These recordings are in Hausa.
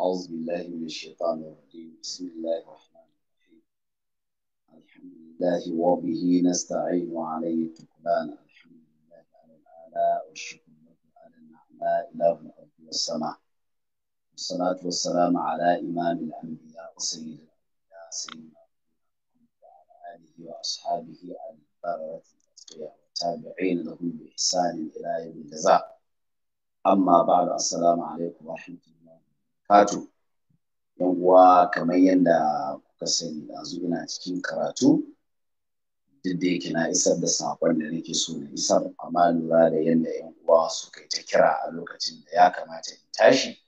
أعوذ بالله من الشيطان الرجيم بسم الله الرحمن الرحيم الحمد لله وبه نستعين وعليه التقبان الحمد لله على الآلاء والشكر على النعماء إله الأرض والسماء والصلاة والسلام على إمام الأنبياء وسيد الأنبياء سيدنا وعلى آله وأصحابه البررة الأتقياء والتابعين لهم بإحسان إلى يوم الجزاء أما بعد السلام عليكم ورحمة الله 'yan uwa kamar yadda kuka sani yanzu ina cikin karatu duk da yake na isar da saƙon da nake so na isar amma lura da yadda yan uwa suka yi ta kira a lokacin da ya kamata in tashi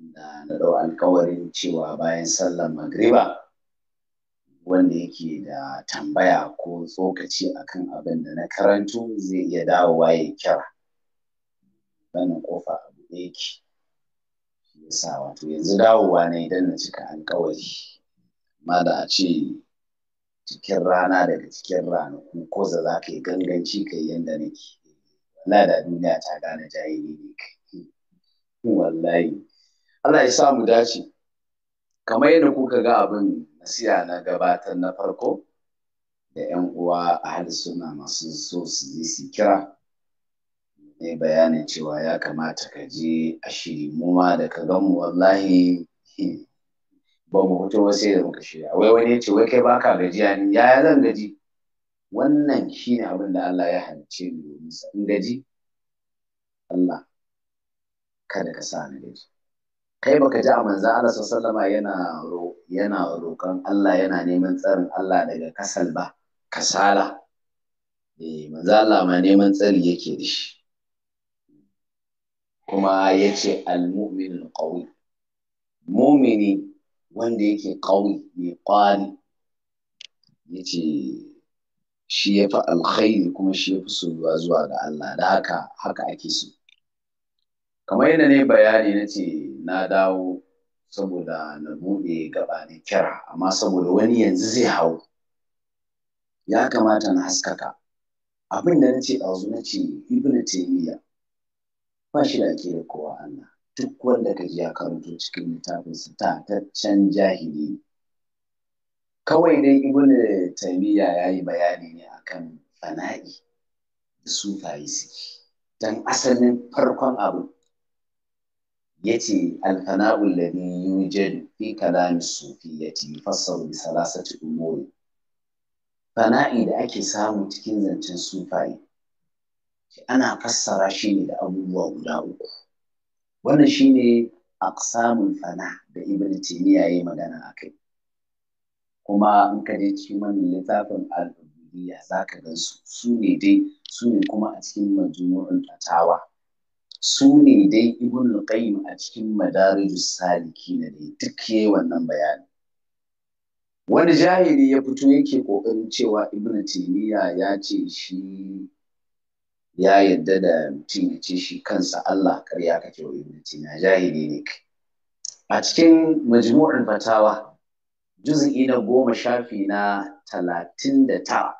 da na ɗau alƙawarin cewa bayan sallar magriba wanda yake da tambaya ko tsokaci a kan abin da na karanto zai iya dawowa ya kira wannan kofa abu ɗaya ke sa wato yanzu dawowa ne idan na cika alkawari amma da a ce cikin rana daga cikin ranaku ko za za ka yi ganganci kai yadda yanda nake wallahi da duniya ta gane jahili ne kai hmm, wallahi Allah ya sa mu dace kamar yadda kuka ga abin nasiya na gabatar na farko da 'yan uwa a suna masu so su yi su kira ne bayanin cewa ya kamata ka je a shiri mu ma da ka gan mu wallahi hmm, ba mu hutu ba sai da muka shirya wai wani ya ce wai kai baka gajiya ni yaya zan gaji wannan shine abin da Allah ya halicce ni domin sa in gaji Allah kada ka sa ni gaji kai baka ji a manzan Allah sallama yana yana roƙon Allah yana neman tsarin Allah daga kasal ba kasala eh manzan Allah ma neman tsari yake da shi kuma ya ce al-mu'minul qawi mumini wanda yake qawi mai kwari ya ce shi ya fi alkhairi kuma shi ya fi soyuwa zuwa ga Allah da haka haka ake so kamar yadda ne bayani na ce na dawo saboda na buɗe gaba na kira amma saboda wani yanzu zai hau ya kamata na haskaka abin da na ce ɗazu na ce ibn taymiya ba shi da da kowa Allah duk wanda ka ji ya karanto cikin littafinsa ta taccen jahili kawai dai ibn taymiya ya yi bayani ne akan fana'i da sufayi suke dan asalin farkon abu yace alfana'u alladhi yujadu fi kalami sufiyyati yufassaru bi salasati umuri fana'i da ake samu cikin zancen sufayi ana fassara shi ne da abubuwa guda uku wannan shine aqsamul fana da ibn ya yayi magana kai. kuma in ka je cikin wannan littafin al-ubudiyya zaka ga su su ne dai su ne kuma a cikin majmu'ul fatawa su ne dai ibn a cikin madarijus salikin da duk yayi wannan bayani wani jahili ya fito yake kokarin cewa ibn timiya ya ce shi ya yadda da mutum ya ce shi kansa Allah ƙarya kake wa ibn na jahili ne kai a cikin majmu'ul fatawa juz'i na goma shafi na talatin da tara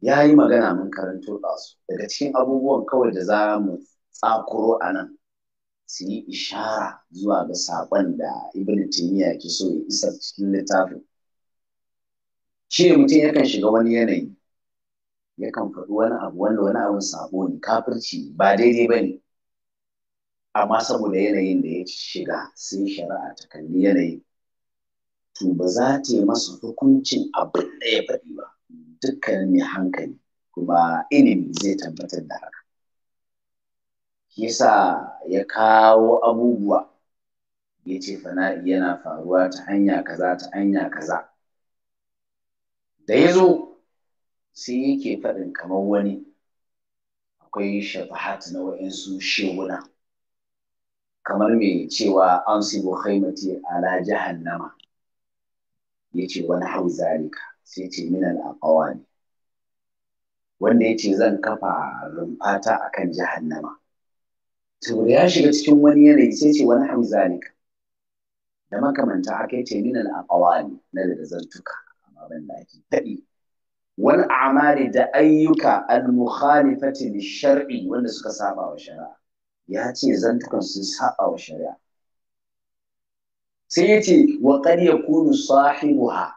ya yi magana mun karanto ɗasu daga cikin abubuwan kawai da za mu tsakuro a nan su yi ishara zuwa ga saƙon da ibn timiya ke so ya isa cikin littafin shi mutum yakan shiga wani yanayi yakan faɗi wani abu wanda wani abin sabo ne kafirci ba daidai ba ne amma saboda yanayin da ya shiga sai shari'a ta kalli yanayi. to ba za ta yi masa hukuncin abin da ya faɗi ba dukkanin mai hankali kuma ilimi zai tabbatar da haka yasa ya kawo abubuwa ya ce fana'i yana faruwa ta hanya kaza ta hanya kaza da ya zo sai yake faɗin kamar wani akwai shafahat na wa'insu shehuna kamar mai cewa an sibo haimati ala jahannama ya ce wani hau zalika sai ce minan aqawa ne wanda ya ce zan kafa rumfata akan kan jahannama to ya shiga cikin wani yanayi sai ce wani hau zalika da makamanta aka ce minan aqawa ne na da zantuka amma ban da ake taɗi wal a'mali da ayyuka al mukhalifati li shar'i wanda suka saba wa shari'a ya ce zantukan sun saba wa shari'a sai ya ce wa qad yakunu sahibuha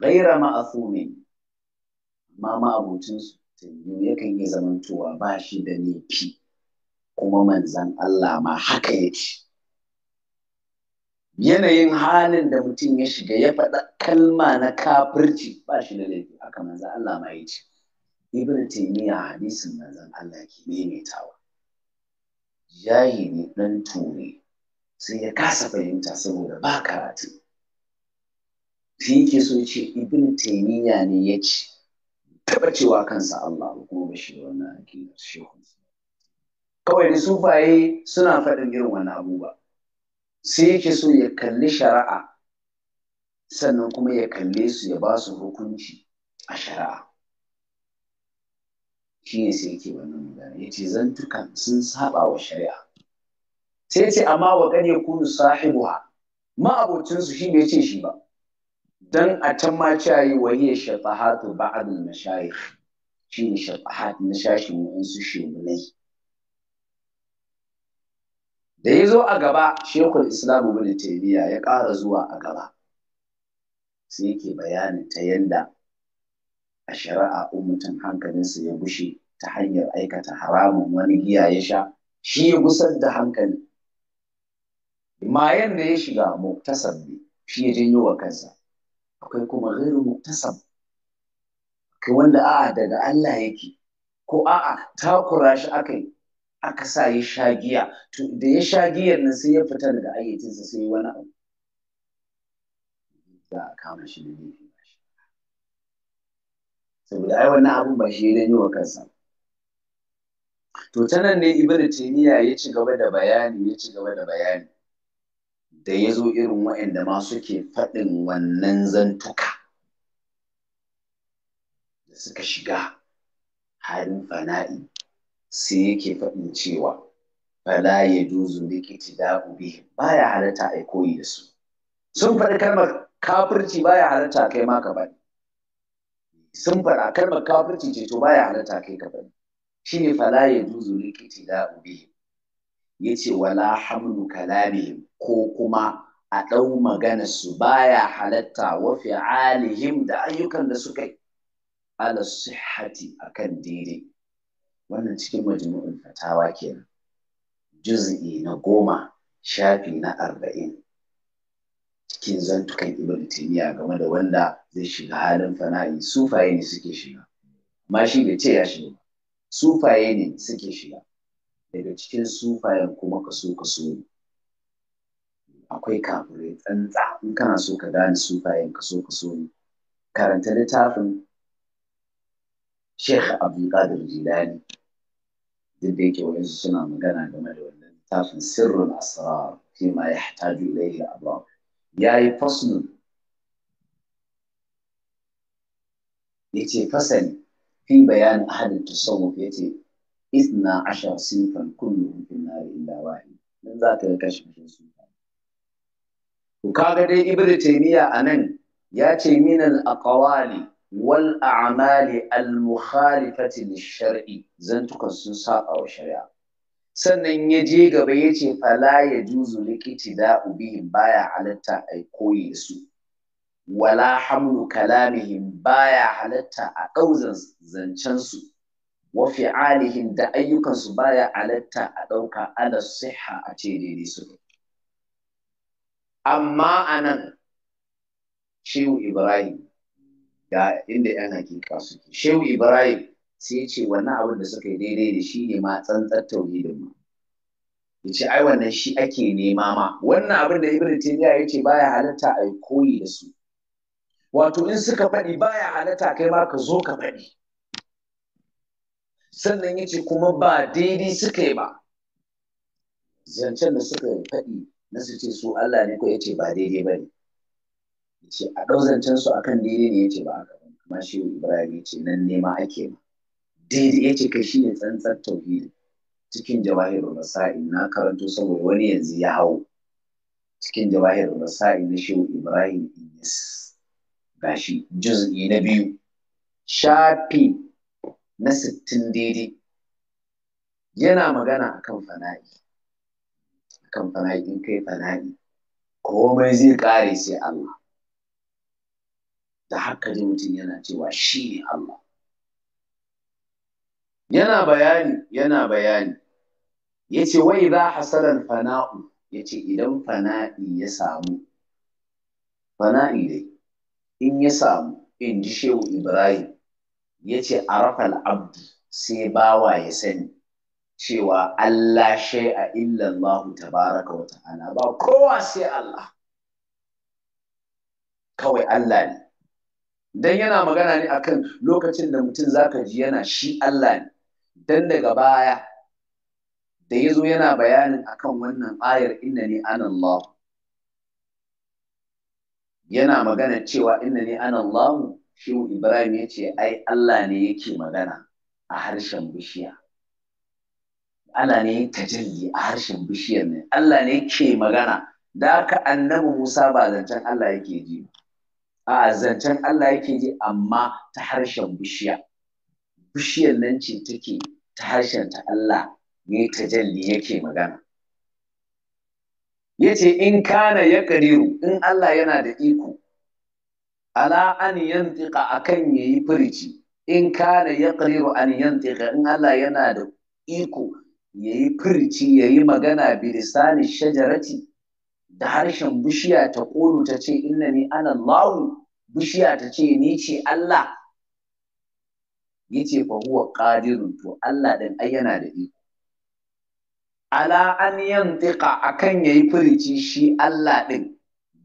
ghayra ma'thumin amma ma'abucin su yakan yi zamantowa ba shi da laifi kuma manzan Allah ma haka ya yanayin halin da mutum ya shiga ya faɗa kalma na kafirci ba shi da laifi haka manzan Allah ma ya ce ibn taymiya hadisin manzan Allah ke maimaitawa jahili dan ture sai ya kasa fahimta saboda ba karatu shi yake so ya ce ibn taymiya ne ya ce taɓa cewa kansa Allah ko ba shi wannan hakikar shehu kawai da sufaye suna faɗin irin wani sai yake so ya kalli shari'a sannan kuma ya kalle su ya ba su hukunci a shari'a shi ne sai yake wannan magana ya ce zantukan sun saba wa shari'a sai ce amma wa kare kunu sahibuha ma'abocinsu shi bai ce shi ba dan a can ma cewa yi wa hiya shafahatu ba'd al mashayikh shi ne shafahat na shashin wa'ansu shemulai da ya zo a gaba shekul islam ibn taymiya ya ƙara zuwa a gaba sai yake bayani ta yanda a shari'a mutum hankalinsa ya bushe ta hanyar aikata haramun wani giya ya sha shi ya gusar da hankali mayan da ya shiga muktasab ne shi ya janyo wa kansa akwai kuma ghairu muktasab kai wanda a'a daga Allah yake ko a'a takura shi akai aka sa ya sha giya to da ya sha giyar nan sai ya fita daga ayyacinsa sai wani abu za a kama shi da laifin shi saboda ai wannan abun ba shi ne wa kansa to ta nan ne ibnu taymiya ya ci gaba da bayani ya ci gaba da bayani da ya zo irin waɗanda ma suke faɗin wannan zantuka da suka shiga halin fana'i sai yake faɗin cewa fala ya juzu rikici da bi ya halatta a koyi da su sun faɗi kalmar kafirci baya halatta kai ma ka bani sun faɗa kalmar kafirci ce to baya halatta kai ka bani ne fala ya juzu rikici da bi yace wala hamlu kalamihim ko kuma a ɗau magana su baya halatta wa fi'alihim da ayyukan da suka yi ala sihhati akan daidai wannan cikin majmu'ul fatawa kenan juz'i na goma shafi na arba'in cikin zantukan ibn taymiya game da wanda zai shiga halin fana'i sufaye ne suke shiga amma shi bai ce ya shiga sufaye ne suke shiga daga cikin sufayen kuma kaso kaso ne akwai kafirai tsantsa in kana so ka gane sufayen kaso kaso ne karanta littafin Sheikh Abdulkadir Jilani duk da yake wayansu suna magana game da wannan littafin sirrin asrar fi ma yahtaju ilayhi al yayi fasl yace fasali fi bayan ahadin tasawuf yace isna ashar sinfan kulluhum fi an-nar illa wahid dan za ka kashe mutum su ku kaga dai ibnu taymiya anan ya ce min aqwali wal a'mali al mukhalifati lishar'i zantukan sun saba wa shari'a sannan ya je gaba ya ce fala ya juzu likiti da baya halatta a koyi su wala hamlu kalamihim baya halatta a ɗauzan zancensu wa fi'alihim da ayyukansu baya halatta a ɗauka ala siha a ce daidai su amma anan shehu ibrahim ga inda yan hakika suke shehu ibrahim sai ce wannan abin da suka yi daidai da shi ne ma tsantsar tauhidin ma ya ce ai wannan shi ake nema ma wannan abin da ibn taymiya ya ce baya halatta a yi koyi da su wato in suka faɗi baya halatta kai ma ka zo ka faɗi sannan ya ce kuma ba daidai suka yi ba zancen da suka faɗi na su ce su Allah ne ko ya ce ba daidai ba ne ce a ɗauzancen su akan daidai ne ya ce ba aka ba amma shi ibrahim yace ce nan nema ake ma daidai yace ce kai shine tsantsar tauhidi cikin jawahirul masail na karanto saboda wani yanzu ya hau cikin jawahirul masail na shehu ibrahim inyas gashi juz'i na biyu shafi na sittin daidai yana magana akan fana'i akan fana'i in kai fana'i komai zai kare sai Allah da haka mutum yana cewa shi ne Allah yana bayani yana bayani Ya ce wai za hasalan fana'u Ya ce idan fana'i ya samu fana'i dai in ya samu in ji shehu ibrahim yace arafal abdu sai bawa ya sani cewa Allah shai shay'a illallahu tabaraka wa ta'ala ba kowa sai Allah kawai Allah ne dan yana magana ne akan lokacin da mutum zaka ji yana shi Allah ne dan daga baya da ya zo yana bayanin akan wannan ayar inna ni ana Allah yana magana cewa inna ni ana Allah shehu Ibrahim ya ce ai Allah ne yake magana a harshen bishiya Allah ne ta tajalli a harshen bishiyar ne Allah ne ke magana da haka annabi Musa ba zancen Allah yake ji ba a zancen Allah yake ji amma ta harshen bishiya bishiyar nan ce take ta harshen ta Allah ne tajalli yake magana yace in kana ya kadiru in Allah yana da iko ala an yantiqa akan yayi furici in kana ya kadiru an yantiqa in Allah yana da iko yayi furici yayi magana bi lisani shajarati da harshen bishiya ta ƙulu ta ce inna ni ana lawu bishiya ta ce ni ce Allah yace fa huwa qadirun to Allah din ai yana da iko ala an yantiqa akan yayi firici shi Allah din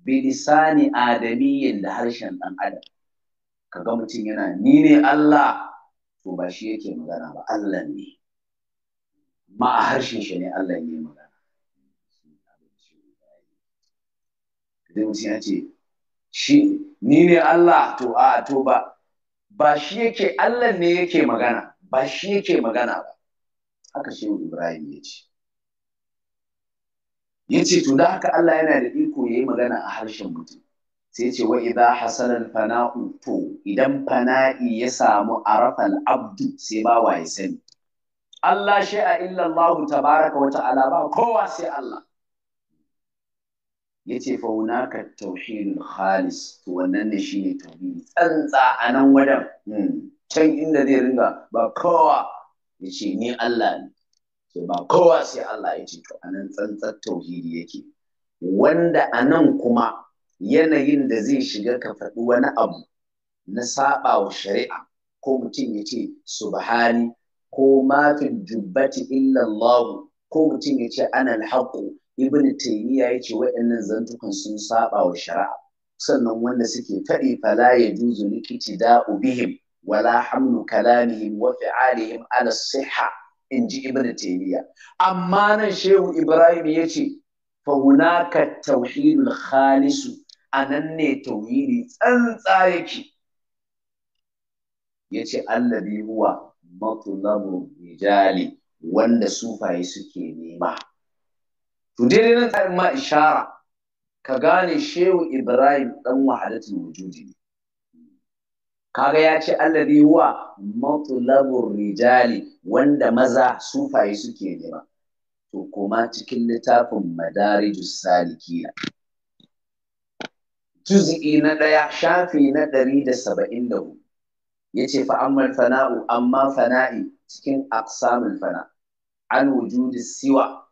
lisani adamiyyin da harshen dan adam kaga mutum yana ni ne Allah to ba shi yake magana ba Allah ne ma a harshen shi ne Allah ne magana idan mutum ya ce shi ni ne Allah to a to ba ba shi yake Allah ne yake magana ba shi yake magana ba haka shehu Ibrahim ya ce ya ce to da haka Allah yana da iko ya yi magana a harshen mutum sai ce wa idan hasalal fana'u to idan fana'i ya samu arafal abdu sai ba wa ya sani Allah shay'a illan Allah tabaraka wa ta'ala ba kowa sai Allah yace fa hunaka tauhidul khalis to wannan ne shine tauhidi tsantsa a nan wadan hmm. can inda zai ringa ba kowa yace ni Allah ne to ba kowa sai Allah yace to a nan tsantsar tauhidi yake wanda a nan kuma yanayin da zai shiga ka faɗi wani abu na saba wa shari'a ko mutum yace subhani ko ma fi jubbati illa Allah ko mutum yace ana alhaqu ibn taymiya yace waɗannan zantukan sun saba wa shari'a sannan wanda suke faɗi fala ya juzu likiti da ubihim wala hamlu kalamihim wa fi'alihim ala siha in ji ibn taymiya amma nan shehu ibrahim ce, fa hunaka tauhidul khalisu anan ne tauhidi tsantsa yake yace allabi huwa matlabu rijali wanda sufaye suke nema to daidai nan tsarin ma ishara ka gane shehu ibrahim dan wahadatul wujudi ne kaga ya ce wa huwa matlabur rijali wanda maza sufaye suke nema to kuma cikin littafin madarijus salikina juz'i na ɗaya shafi na ɗari da saba'in da hudu ya ce fa'ammal fana'u amma fana'i cikin aksamin fana an wujudi siwa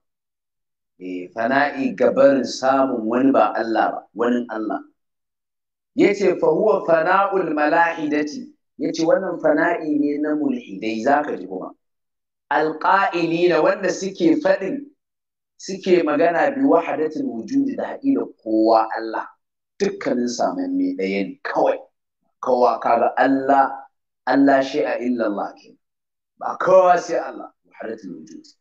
fana'i gabarin samun wani ba Allah ba wani Allah yace fa huwa fana'ul mala'idati yace wannan fana'i ne na mulhidai zaka ji kuma alqa'ilina wanda suke fadin suke magana bi wahadatul wujudi da haƙiƙa kowa Allah dukkanin saman mai ɗaya ne kawai kowa kaga Allah Allah shi a illallah ke ba kowa sai Allah wahadatul wujudi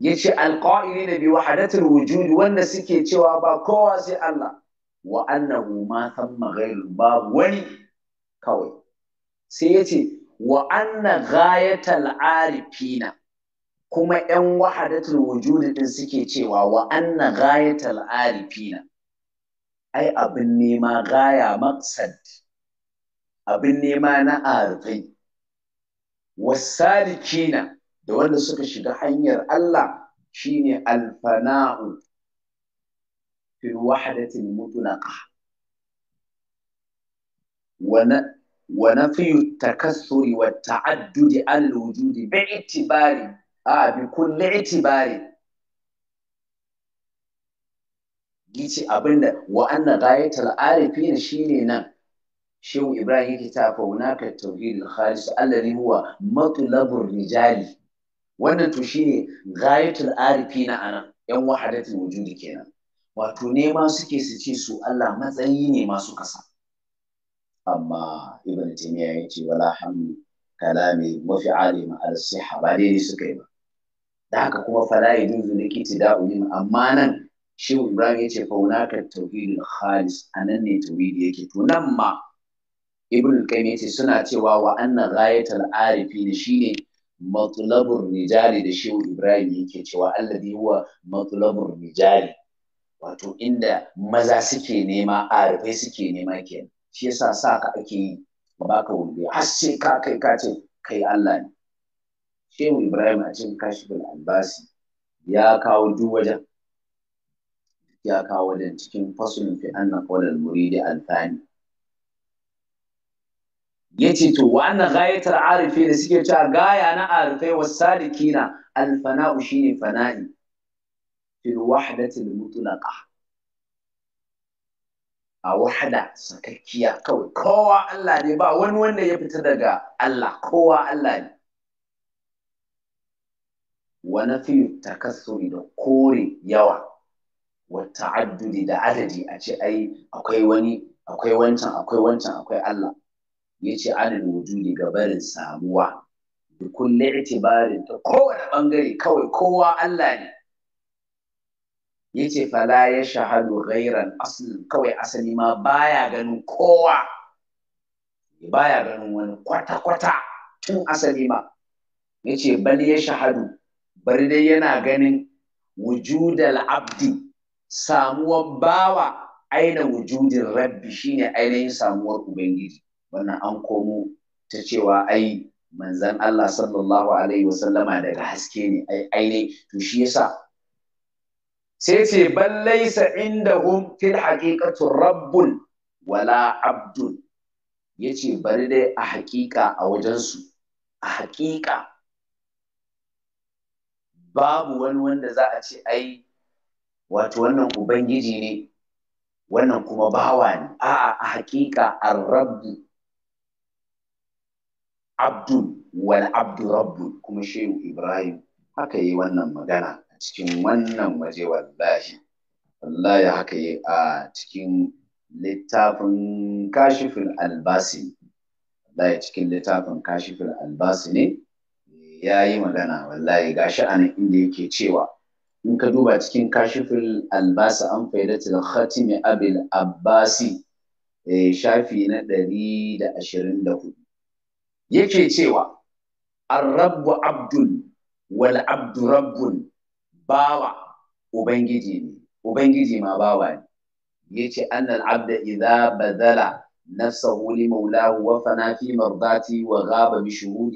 yace da bi wahdatil wujud wanda suke cewa ba kowa sai Allah wa annahu ma thamma ghairu babu wani kawai sai yace wa anna ghayatal arifina kuma yan wahdatul wujud din suke cewa wa anna ghayatal arifina ai abin nema gaya maqsad abin nema na arifai wasalikina da wanda suka shiga hanyar Allah shine alfana'u fil wahdatil mutlaqa wa nafyu takassuri wa ta'addudi al wujudi bi itibari a bi kulli itibari gici abinda wa anna ghayatul arifin shine nan shehu ibrahim yake ta fauna ka tauhidul khalis alladhi huwa matlabur rijali wannan to shine arifi na anan yan wahadatul wujudi kenan wato nema suke su ce su Allah matsayi ne masu kasa amma ibn taymiya ya ce wala hamdu kalami mafi alima al siha ba dai suka yi ba da haka kuma fala yajuzu likiti da'u min amma nan shi ibrahim ya ce fa hunaka tauhidul khalis anan ne tauhidi yake to nan ma ibn ce suna cewa wa anna ghayatul shi shine matulabur rijali da shehu ibrahim yake cewa alladhi huwa matulabur rijali wato inda maza suke nema arifai suke nema kenan shi yasa sa ka ake yi ba ka wuri har sai ka kai ka ce kai Allah ne shehu ibrahim a cikin kashifin albasi ya kawo duk wajen ya kawo wajen cikin fasulun fi anna qawlal muridi alfani ya ce to wa anna ghayatul arifi da suke cewa gaya na arifai was salikina al fana'u shine fana'i fil wahdati al mutlaqa a wahada sakakkiya kawai kowa Allah ne ba wani wanda ya fita daga Allah kowa Allah ne wa nafi takassuri da kore yawa wa ta'addudi da adadi a ce ai akwai wani akwai wancan akwai wancan akwai Allah yace adal wujudi ga barin samuwa da kulli itibarin ta kowane bangare kawai kowa Allah ne yace fala ya shahadu ghairan asalin kawai asali ma baya ganin kowa baya ganin wani kwata-kwata tun asali ma yace bal ya shahadu bari dai yana ganin wujudal abdi samuwar bawa aina wujudin rabbi shine ainihin samuwar ubangiji wannan an komo ta cewa ai manzan Allah sallallahu alaihi wasallama daga haske ne ai ai ne. to shi yasa sai ce bal laysa indahum fil haqiqatu rabbun wala abdun yace bari dai a haƙiƙa a wajensu a haƙiƙa babu wani wanda za a ce ai wato wannan ubangiji ne wannan kuma bawa ne a'a a haƙiƙa ar-rabbu Abdul, wal abdu Rabbu kuma shehu ibrahim haka yi wannan magana a cikin wannan waje wallahi wallahi haka yi a cikin littafin kashifin albasi wallahi cikin littafin kashifin albasi ne ya yi magana wallahi gashi a nan inda yake cewa in ka duba cikin kashifin albasi an faidatul khatimi abil abbasi eh, shafi na ɗari da ashirin da hudu yake cewa arrabu Abdul wal abdu bawa ubangiji ne ubangiji ma bawa ne yace annal abda idza badala nafsahu li maulahu wa fana fi mardati wa ghaba bi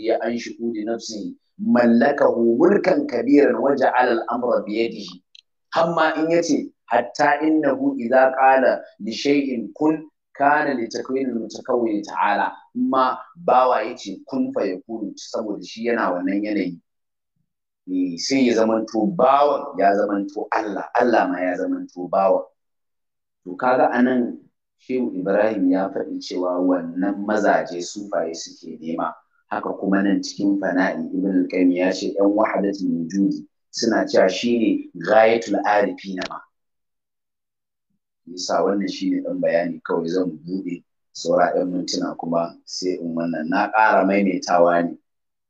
ya an shuhudi nafsi mallakahu mulkan kabiran waja al amra bi yadihi hamma in yace hatta innahu idza qala li shay'in kun kana li ta mutakawwin ta'ala ma bawa yace kun fa kuru saboda shi yana wannan yanayi e, sai ya zamanto bawa ya zamanto Allah Allah ma ya zamanto bawa. to kaga anan Shehu Ibrahim ya faɗi cewa wannan mazaje sufaye suke nema haka kuma nan cikin fana'i Ibn al-Qayyim ya ce 'yan wahadatul wujudi suna cewa shine ghayatul arifina ma yasa wannan shi ne ɗan bayani kawai zan buɗe saura mintuna kuma sai in wannan na ƙara maimaitawa ne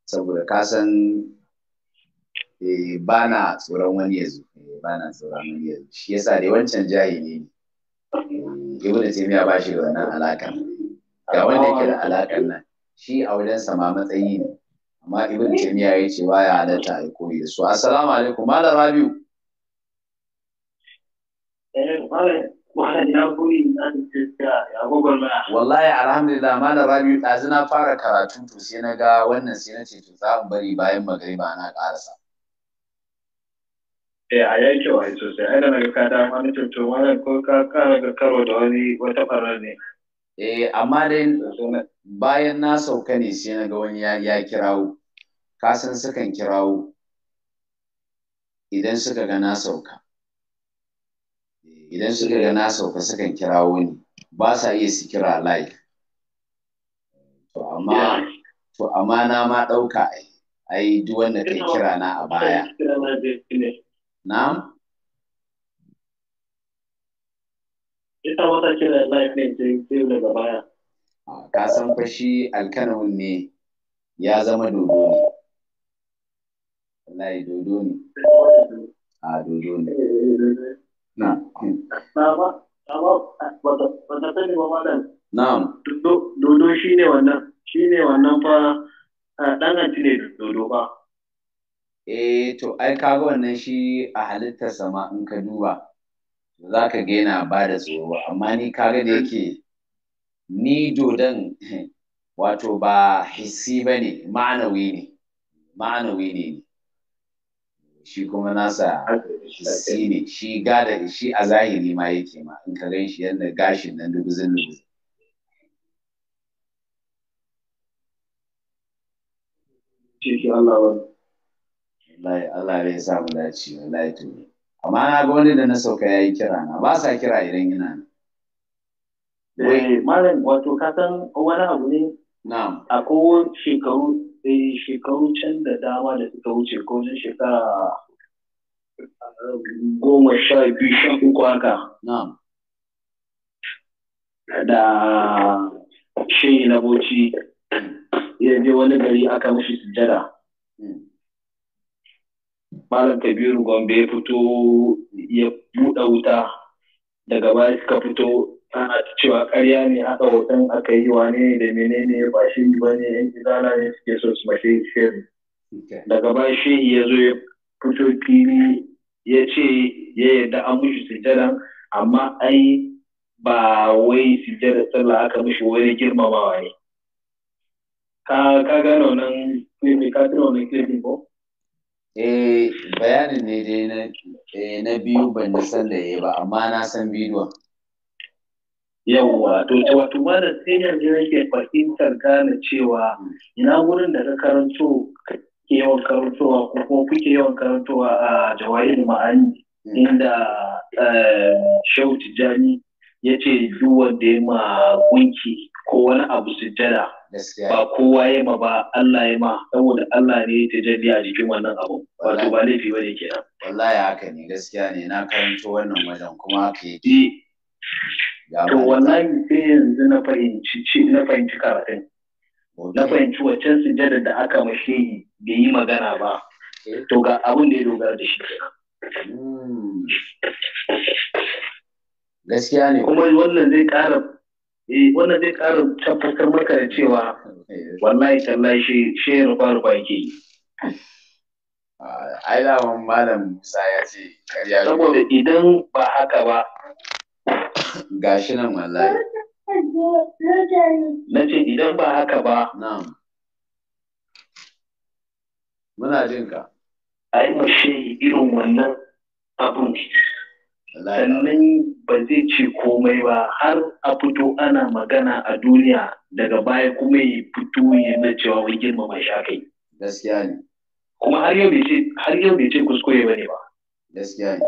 saboda ka san ba eh, bana tsoron wani yanzu eh, ba na tsoron wani yanzu shi yasa dai wancan jahili ne eh, ibnu taymiya ba shi da wannan alaƙa, ga wanda yake da alaƙar nan shi a wajen sama matsayi ne amma da taymiya ya ce baya halatta a koyi da su assalamu alaikum malam rabiu wallahi alhamdulillah malam rabiu ɗazu na fara karatu to sai na ga wannan sai na ce to za mu bari bayan magariba na ƙarasa eh a yanke wai sosai ai da na ka da wani tuntun wannan ko ka kara ga karo da wani wata farar ne eh amma dai bayan na sauka ne sai na ga wani ya kirawo ka san sukan kirawo idan suka ga na sauka idan suka ga na sauka sukan kira wani ba sa iya su kira live to amma to amma na ma ɗauka ai ai duk wanda kai kira na a baya na'am ita wata kira live ne sai daga baya ka san fa shi alkanawun ne ya zama dodo ne wallahi dodo ne a dodo ne Na'am. Dodo shi ne wannan, shi ne wannan fa ɗan anti ne dodo ba. Eh to ai kaga wannan shi a halittar sama in ka duba za ka ga yana ba da tsoro amma ni kaga da yake ni dodon wato ba hissi ba ne ma'anawi ne ma'anawi ne shi kuma nasa shi ne shi gada shi a zahiri ma yake ma in ka gan shi yadda gashin nan dubuzin dubuzin Allah Allah bai sa mu dace wallahi tuni amma na ga wani da na sauka yayi kira na ba sa kira idan ina nan eh malam wato ka san wani abu ne na'am akwai shekaru sai shekaru can da dama da suka wuce ko wajen shekara goma sha biyu sha uku haka. Da shehi na boci ya je wani gari aka mashi sujada. Hmm. Malam Kabiru Gombe ya fito ya buɗe wuta daga baya suka fito ana cewa karya ne haka hoton aka yi wane ne da menene ya bashi ba ne yan izala ne suke so su mace shehu daga ba shi ya zo ya fito fili ya ce ya yarda an mushi sujjada amma ai ba wai sujjada sallah aka mushi wani girmamawa ne ka ka gano nan kirmi ka tuna wannan kirmi ko eh bayanin ne dai eh, na biyu ban san da ya ba amma na san bidiyon yawwa to ce wato ba da sai yanzu yake fahimtar gane cewa ina gurin da ka karanto ke yawan karantowa ko kuma kuke yawan karantowa a jawahir ma'ani hmm. inda eh, shehu tijjani ya ce duk wanda ya ma gunki ko wani abu sujjada ba kowa ya ma ba Allah ya ma saboda Allah ne ya tajalli a jikin wannan abu wato ba laifi ba ne kenan wallahi haka ne gaskiya ne na karanto wannan wajen kuma haka to wallahi sai yanzu na fahimci ci na fahimci karatun na fahimci waccan sujada da aka mashi bai yi magana ba eh. to ga abin da ya dogara da shi hmm. gaskiya ne kuma wannan zai ƙara eh, wannan zai ƙara tabbatar maka da cewa eh. wallahi tallahi shi shi rufa rufa yake yi ah, ai da malam Musa ya ce saboda idan ba haka ba gashi nan wallahi na ce idan ba haka ba na'am muna jin ka ai mashe irin wannan abun sannan ba zai ce komai ba har a fito ana magana a duniya daga baya kuma ya fito ya na cewa wai girmama shi aka gaskiya ne kuma har yau bai ce kuskure ba ne ba gaskiya ne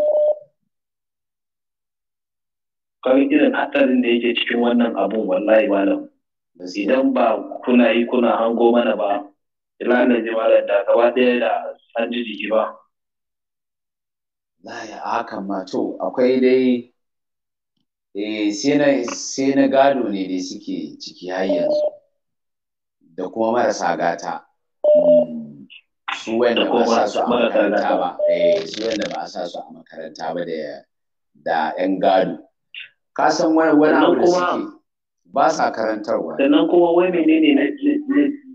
kawai irin hatsarin da yake cikin wannan abun wallahi malam idan ba kuna yi kuna hango mana ba ila da malam da gaba ɗaya da an ji jiki ba laya haka ma to akwai dai eh sai na gado ne dai suke ciki har yanzu da kuma marasa gata hmm, su wanda ba sa su a makaranta ba eh, su wanda ba sa su a makaranta ba da da yan gado ka san wani abu da suke ba sa karantarwa sannan kuma wai menene na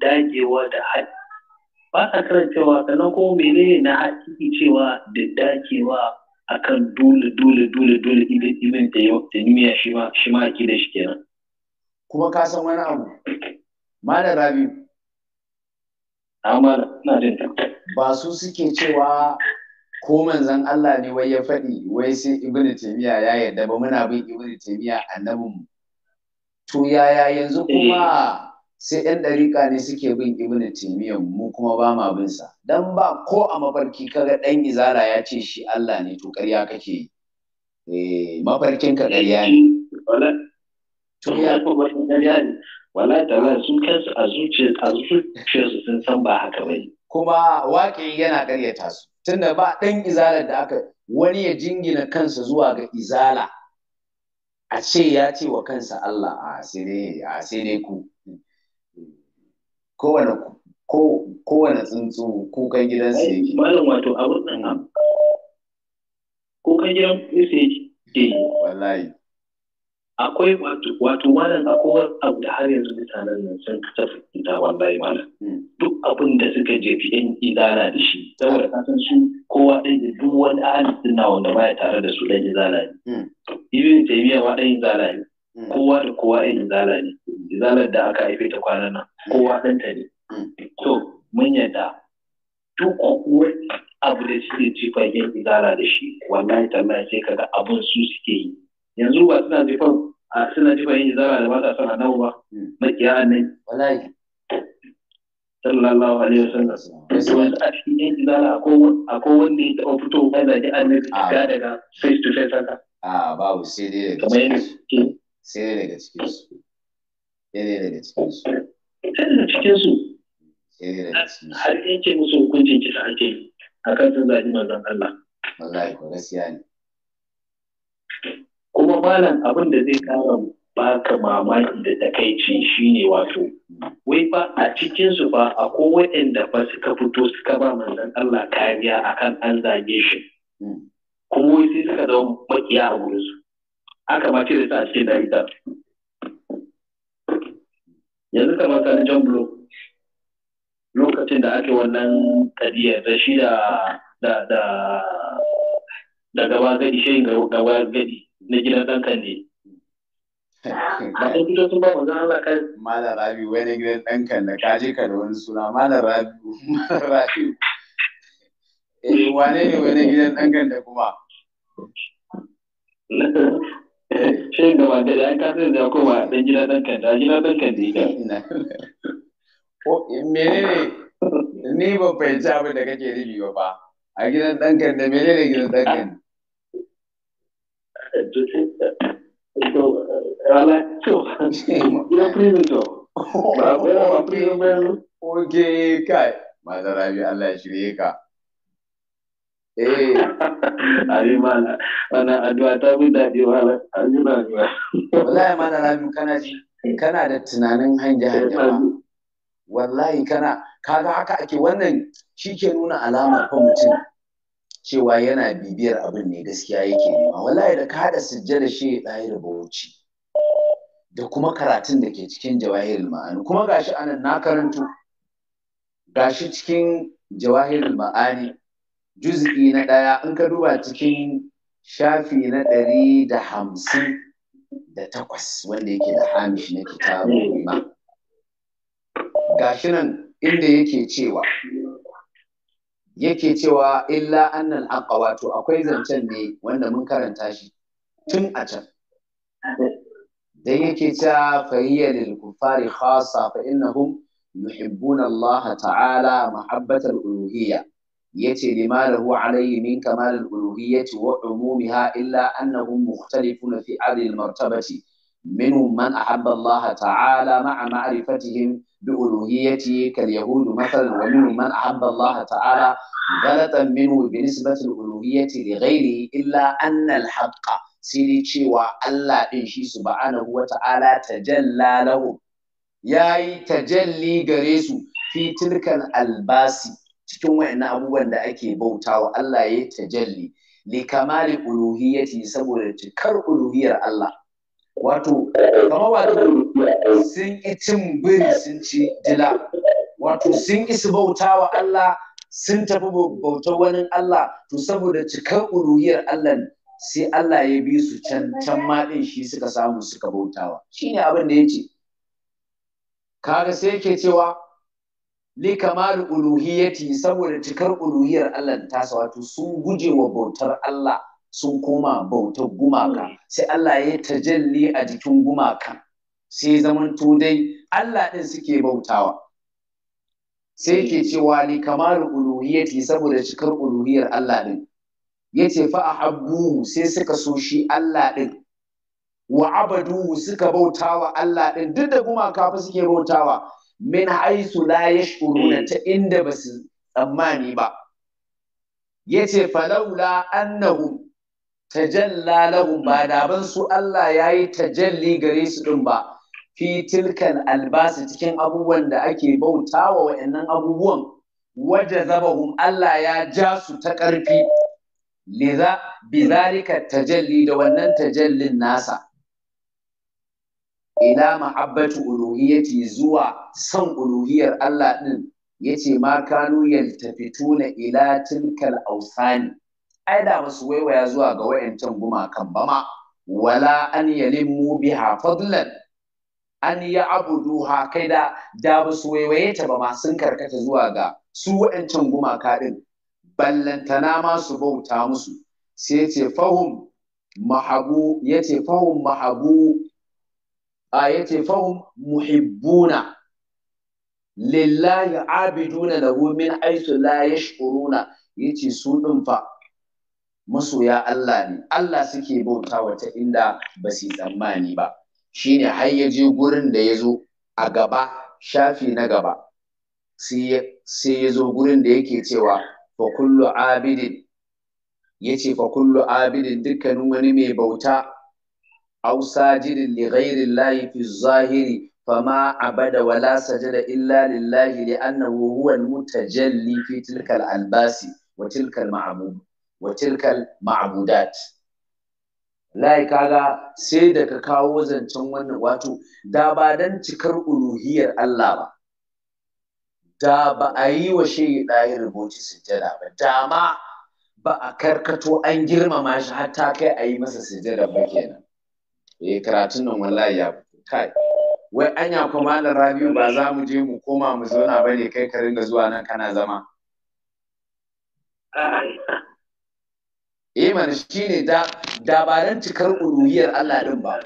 dagewa da haɗi ba sa karantarwa sannan kuma menene na haɗi cewa da dagewa akan dole dole dole dole idan idan ta yi ta nimiya shi ma shi ma ki da shi kenan kuma ka san wani abu malam rabi amma na da ba su suke cewa ko manzon Allah ne wai ya faɗi wai sai ibnu taymiya ya yarda ba muna bin ibnu taymiya annabin mu to yaya yanzu kuma sai yan ɗariƙa ne suke bin ibnu taymiya mu kuma ba ma bin sa dan ba ko a mafarki kaga dan izara ya ce shi Allah ne to ƙarya kake yi eh mafarkin ka ƙarya ne to ya ko ƙarya ne wala da su kansu a zuciyarsu sun san ba haka bane kuma waƙi yana ƙaryata su tunda ba ɗan izalar da aka wani ya jingina kansa zuwa ga izala a ce ya ce wa kansa Allah a sai dai ku kowane tsuntsu kukan su yake malam wato abun nan kukan gidan yake wallahi akwai wato wato malam akwai abu da har yanzu mutanen nan sun kasa fahimta wallahi malam hmm. duk abin da suka jefi yan izara da shi saboda ka san su kowa ɗaya da duk wani ahli na wanda baya tare da su ɗan izara ne hmm. ibn taymiya ma ɗan izara ne hmm. kowa da kowa ɗan izara ne izalar da aka haife ta kwanan nan kowa ta ne to mun yadda duk wani abu da suke jefa yan izara da shi wallahi tallahi sai kaga abun su suke yi yanzu ba suna jefan a suna ci bayan zara da ba ta son annabi ba hmm. makiya annabi wallahi sallallahu alaihi wasallam wanda a cikin yan zara akwai wanda ya taɓa fito ba da ji annabi ah. ga daga face to face haka a ah, babu sai dai daga cikin sai dai daga cikin su sai dai daga cikin su sai daga cikin su har yanke musu hukuncin kisa ake yi akan sun zaɓi manzon Allah wallahi ko gaskiya ne kuma malam abin da zai kara baka mamaki da takaici shine wato wai ba a cikin su ba ko waɗanda ba suka fito suka ba manzon Allah kariya akan an zage shi hmm. kuma wai sai suka zama makiya a wurin su aka ma cire su a cikin darita yanzu kamar sanin John Blow lokacin da ake wannan kadiyar da shi da da da gaba gadi gaba gadi na gidan ɗan ne? Ba ta fito sun ba wanzan Allah kai. Malam Rabi wai na gidan ɗan kande ka je ka da wani suna Malam Rabi Rabi. Eh wane ne wai na gidan ɗan da kuma? Shi wanda da an kasa da kowa ɗan gidan ɗan da, a gidan ɗan kande ka. Menene ni ba fahimci abin da kake ribi ba a gidan ɗan da, menene gidan ɗan kande? gidan eh, Allah ya ari eh. mana addu'a ta bi daɗi wala an ji ba wallahi mana na kana ji kana da tunanin hanje eh, hanje ba wallahi kana kaga haka ake wannan shi ke nuna alamar ko mutum cewa yana bibiyar abin ne gaskiya yake nema wallahi da ka haɗa sujjada shi da bauchi da kuma karatun da ke cikin jawahirul ma'ani kuma gashi anan na karanto gashi cikin jawahirul ma'ani juz'i na ɗaya in ka duba cikin shafi na ɗari da hamsin da takwas wanda yake da hamish na kitabu ma gashi nan inda yake cewa yake cewa illa annan aqwa wato akwai zancen ne wanda mun karanta shi tun a can dan yake cewa fahiya lil kufari khassa fa innahum yuhibbuna Allah ta'ala mahabbatal uluhiyya yace lima lahu alayhi min kamal al uluhiyyati wa umumiha illa annahum mukhtalifuna fi adl al martabati minhum man ahabba Allah ta'ala ma'a ma'rifatihim da بألوهيته كاليهود مثلا ومنهم من أحب الله تعالى غلطا منه بنسبة الألوهية لغيره إلا أن الحق سيدي تشيوى الله إن شي سبحانه وتعالى تجلى لهم yayi tajalli gare su fi albasi cikin wayannan abubuwan da ake bautawa Allah yayi tajalli li kamali uluhiyyati saboda cikar uluhiyar Allah wato kamar wato sun ƙi cin biri sun ci dila wato sun yi su bauta wa Allah sun tafi bautar wani Allah to saboda cikar uruhiyar Allah sai Allah ya bi su can can ma din shi suka samu suka bautawa shine abin da yace kaga sai yake cewa li kamal uluhiyati saboda cikar uluhiyar Allah ta sa wato sun guje wa bautar Allah sun koma bautar gumaka sai Allah ya tajalli a jikin gumaka sai zaman dai Allah ɗin suke bautawa sai ke cewa li kamar uluhiyyati saboda cikar uluhiyar Allah ɗin Ya ce fa abu sai suka so shi Allah ɗin wa abadu suka bautawa Allah ɗin duk da gumaka fa suke bautawa min haisu la yashkuruna ta inda basu tsammani ba Ya yace falaula annahum tajalla lahum ba da ban su Allah ya yayi tajalli gare su ɗin ba Fitilkan albasa cikin abubuwan da ake bauta wa wa'annan abubuwan waje zabahum Allah ya ja su ta ƙarfi liza bizalika tajalli da wannan tajallin nasa ila ma'abbatu uluhiyyati zuwa san uluhiyar Allah din yace ma kanu yaltafituna ila tilkal ausani ai da basu waiwaya zuwa ga wayancan gumakan ba ma wala an yalimmu biha fadlan an yi ha kai da da ba su waiwaye ta ba ma sun karkata zuwa ga su waɗancan gumaka ɗin ballantana ma su bauta musu sai ce fahum mahabu ya ce fahum mahabu a ya ce fahum muhibbuna lillahi abiduna lahu min aisu la yashkuruna yace su ɗin fa masoya Allah ne Allah suke bauta wata inda ba su tsammani ba shine har ya je gurin da ya zo a gaba shafi na gaba sai ya zo gurin da yake cewa fa kullu abidin ya ce fa kullu abidin dukkanin wani mai bauta aw sajidin li ghairi llahi fi zahiri fama abada wala sajada illa lillahi li'annahu huwa al-mutajalli fi tilka al-albasi wa tilka al-ma'budat lai kaga sai da ka kawo zancen wannan wato da ba dan cikar uluhiyar Allah ba da ba a yi wa shehi ɗaya rubuci sujjada ba da ma ba a karkato an girmama shi har ta kai a yi masa sujjada ba kenan eh karatun nan wallahi ya kai wai anya kuma Rabiu ba za mu je mu koma mu zauna bane kai ka ringa zuwa nan kana zama eh shi ne da da ba cikar uluhiyar Allah ɗin ba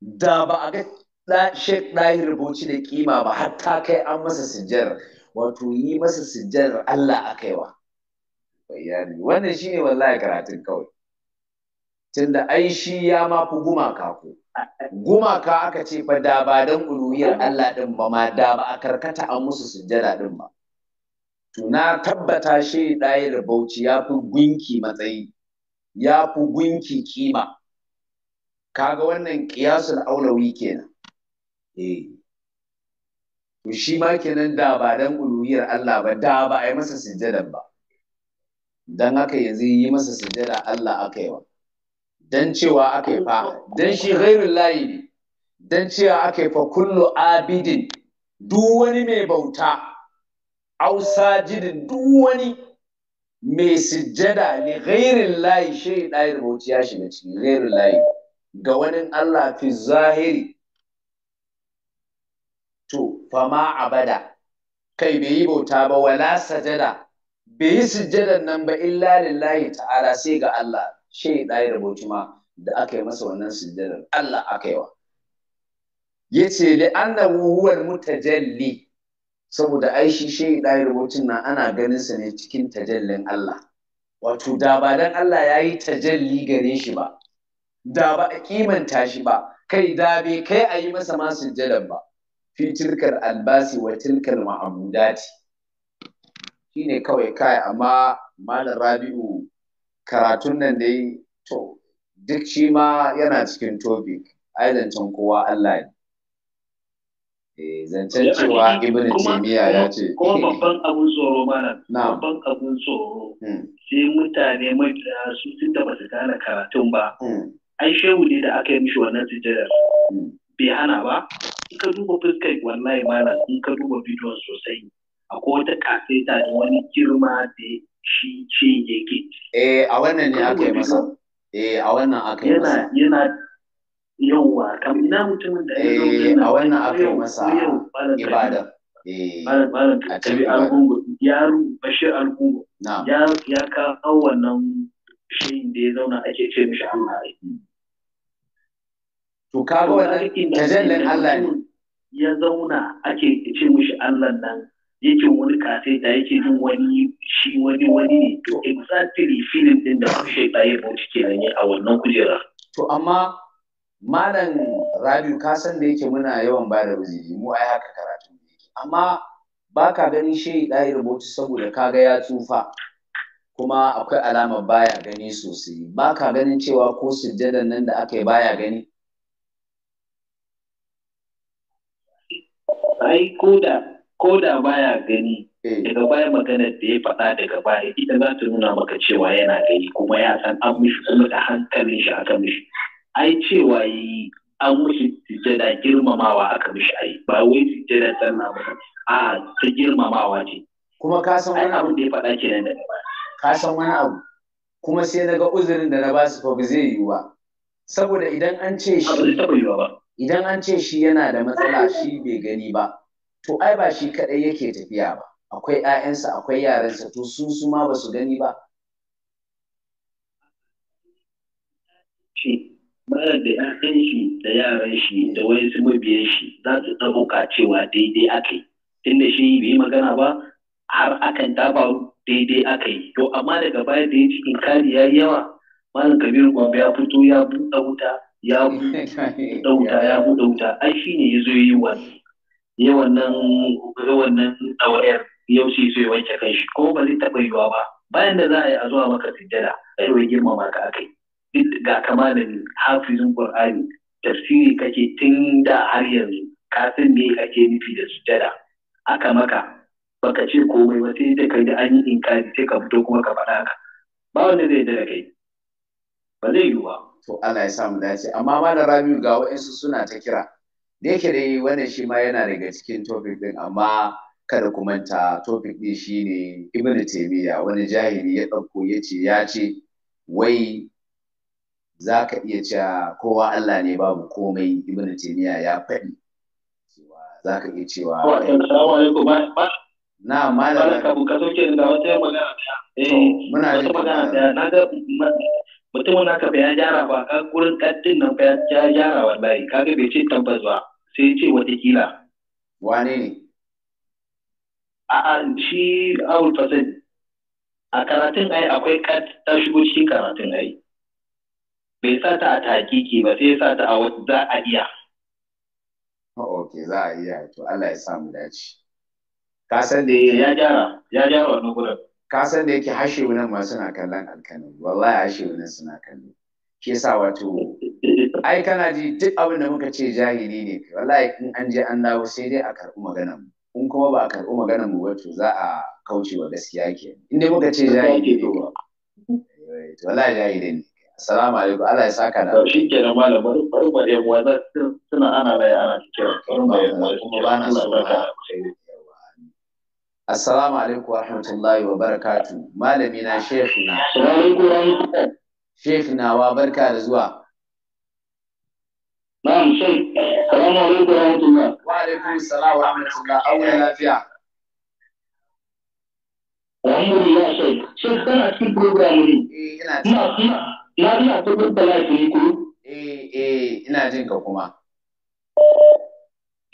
da ba a ga shek ɗayi rubuci da kima ba har ta kai an masa sujjar wato yi masa sujjar Allah a kaiwa. bayani wannan shi shine wallahi karatun kawai tunda ai shi ya ma fi gumaka ko gumaka aka ce fa da ba dan uluhiyar Allah ɗin ba ma da ba a karkata an musu sujjada din ba na tabbata shi ɗaya da bauchi ya fi gunki matsayi ya fi gunki kima kaga wannan kiyasun aulawi kenan eh shi ma kenan da ba dan uluhiyar Allah ba da ba a yi masa sujjada ba dan haka yanzu yi masa sujjada Allah aka yi wa dan cewa aka yi fa dan shi ghairul layi ne dan cewa aka yi fa kullu abidin duk wani mai bauta Ausa jidin duk wani mai sujjada ne ghairin layi shi ɗaya rubuci ya shiga cikin ghairin layi ga wani Allah fi zahiri to fama abada kai bai yi bauta ba wala sajada bai yi sujjadan nan ba in illa lillahi ta'ala sai ga Allah shi ɗaya rubuci ma da aka yi masa wannan sujjadan Allah aka yi wa yace li annahu huwal mutajalli saboda ai shi shehi ɗaya rubutun nan ana ganin sa ne cikin tajallin Allah wato da ba dan Allah ya yi tajalli gare shi ba da ba a kimanta shi ba kai da bai kai a yi masa ma sujjadan ba fi tilkar albasi wa tilkar ma'amudati ne kawai kai amma malam rabi'u karatun nan dai to duk shi ma yana cikin topic aizancin kowa Allah ne Eh, zancen cewa ibn taymiya ya ce kuma eh. babban abun tsoro mana babban abun tsoro hmm. sai mutane mabiya eh, su sun da su gane karatun ba hmm. an shehu ne da aka yi mishi wannan sujjadar hmm. bai hana ba in ka duba fuskar wallahi mana in ka duba bidiyon sosai akwai wata ta da wani girma da shi ce yake eh a wannan ne aka yi masa eh a wannan aka yi masa yana yauwa kam ina mutumin da ya zo eh, a wannan aka masa ibada eh, a tabi argungu ya bashir argungu ya ya kawo wannan shi da ya zauna ake ce mishi Allah to kaga wannan tajallin Allah ne ya zauna ake ce mishi Allah nan yake wani kafe da yake jin wani shi wani wani ne to exactly feeling din da ɗaya shi ya bauci kenan a wannan kujerar to amma malam rabiu ka san da yake muna yawan ba da uzuri mu ai haka karatu amma amma baka gani shehi ɗaya rubutu saboda kaga ya tsufa kuma akwai alama baya gani sosai baka ganin cewa ko sujjadan nan da aka yi baya gani ai koda koda baya gani eh. daga baya maganar da ya faɗa daga baya ita za ta nuna maka cewa yana gani kuma ya san an mishi kuma da hankalin shi aka mishi ai cewa yi an mushi da girmamawa aka mishi ai ba wai sujjada sanna ba a ta girmamawa ce kuma ka san wani abu da ya faɗa kenan da ka san wani abu kuma sai na ga uzurin da na ba su fa ba zai yiwu ba saboda idan an ce shi idan an ce shi yana da matsala shi bai gani ba to ai ba shi kadai yake tafiya ba akwai 'ya'yansa akwai yaransa to su su ma ba su gani ba bayar da 'ya'yan shi da yaran shi da wani su mabiyan shi za su ɗauka cewa daidai aka yi tunda shi bai yi magana ba har akan ta faru daidai aka yi to amma daga baya da ya ci inkari ya yi yawa malam kabiru gombe ya fito ya buɗe wuta ya buɗe wuta ya buɗe wuta ai shi ne ya zo yi wani ya wannan wannan ɗawayar yau sai so ya wanke kanshi ko ba zai taɓa yiwa ba bayan da za a yi a zuwa maka sujjada kai wai girmama ka yi. ga ka malami hafizin qur'ani tafsiri kake tun da har yanzu ka san me ake nufi da sujada aka maka baka ce komai ba sai da kai da an yi inkari sai ka fito kuma ka faɗa ka ba wanda zai da kai ba zai yiwuwa to Allah ya sa dace amma malam Rabiu ga wa'ansu suna ta kira da yake dai wannan shi ma yana daga cikin topic din amma kada ku manta topic din shine Ibn Taymiyyah wani jahili ya dauko yace, ya ce wai za ka iya cewa kowa Allah ne babu komai ibn taymiya ya faɗi za ka iya cewa na malam ka buka sauke da wata magana eh, muna da magana da na ga mutumin naka bai ya gyara ba ka gurin kaddin nan bai ya gyara wallahi kaga bai ce tabbas ba sai ce wata watakila wane ne a shi awul fasad a karatun ai akwai kad ta shigo cikin karatun ai bai sa ta a takiki ba sai sa ta a wata za a iya. Oh, oke, za a iya, to Allah ya samu dace. Ka san da yake ya gyara, ya gyara wannan gurin. Ka san da yake hashe nan ma suna kallon alƙalin, wallahi hashe nan suna kallon. Ke sa wato ai kana ji duk abin da muka ce jahili ne, wallahi in an je an dawo sai dai a karɓi maganar mu. In kuma ba a karɓi maganar mu wato za a kauce wa gaskiya ke. In dai muka ce jahili ne, eh, wallahi jahili ne. Assalamu alaikum. Allah ya saka da. Shi ke nan malam bari bari bari mu wannan suna ana laye ana kira. Kuma ba na so ka. Assalamu alaikum wa rahmatullahi wa barakatu. Malami na shekina. na wa barka da zuwa. Na'am shek. Assalamu alaikum wa rahmatullahi. Wa alaikum assalam wa rahmatullah. Awai lafiya. Alhamdulillah shek. Shek kana cikin program ne. Eh ina cikin. Lafiya kullum da lafiya ku. Eh eh ina jin ka kuma.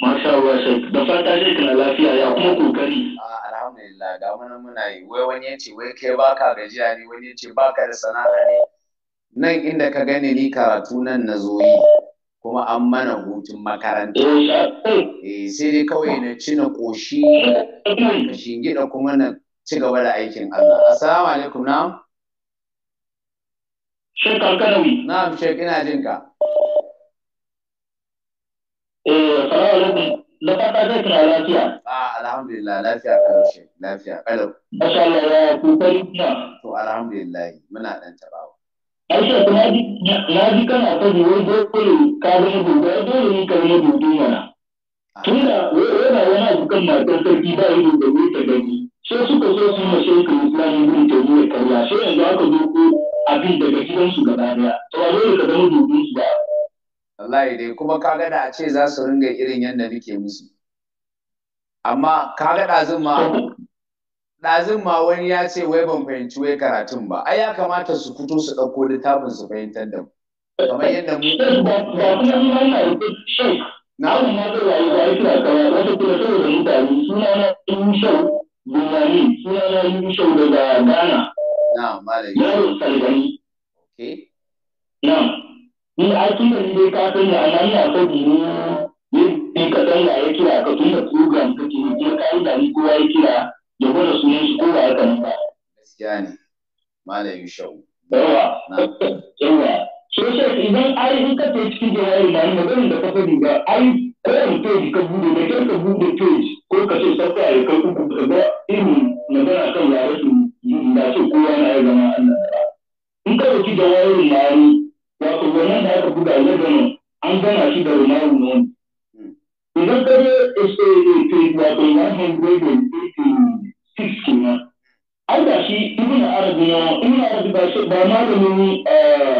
Masha Allah shek da fata shek na lafiya ya kuma kokari. Ah, alhamdulillah ga mana muna yi wai wani ya ce wai kai baka gajiya ne wani ya ce baka da sana'a ne. Nan inda ka gani ni karatu nan na zo yi kuma an mana hutun makaranta. Eh, eh sai dai kawai na ci na ƙoshi na shingida kuma na ci gaba da aikin Allah. Assalamu alaikum na. Sheikh Alkanawi. Na'am Sheikh kina jin ka. Eh salamu alaikum. Na fata zai kira lafiya. Ah alhamdulillah lafiya kalau shi lafiya kalau. Masha Allah ya kokari na. To alhamdulillah muna dan tabawa. Aisha kuma na ji kana ta ji wai dole ka zama gobe dole ne ka zama gobe mana. Ah. Tunda yana yana bukan matar sarki ba yi gobe ta gani. Sai suka so su yi mashaikar Islam ibn Taymiyyah karya sai yanzu aka zo ko abin daga gidansu gaba daya to a dole ka zama dubin su da wallahi dai kuma ka ga da a ce za su ringa irin yadda nake musu amma ka ga ɗazun ma ɗazun ma wani ya ce wai ban fahimci wai karatun ba ai ya kamata su fito su ɗauko littafin su fahimtar da mu kamar yadda mu na na da rayuwa kira kawai wata kuma saboda mutane suna na yin shau Bunani suna na yin shau daga Ghana Na'am malam. Yaro kalgani. Okay. Na'am. Ni a tun dai ka san da ana ina so ni in ka san ya kira ka tun da program kake ni kuma ka yi da ni kowa ya kira ya gwada sunan shi ko ya ba. Gaskiya ne. Malam Yushau. Yawa. Yawa. So sai idan ai in ka ce cikin jawari ba maganin da ka faɗi ba ai kowane page ka bude da kyau ka bude page ko ka ce software ka kuku ka ga irin magana gama shi da rumaru nono idan ka je wato 186 kenan ai da shi na arabi na ibn arabi ba shi ba malamin eh,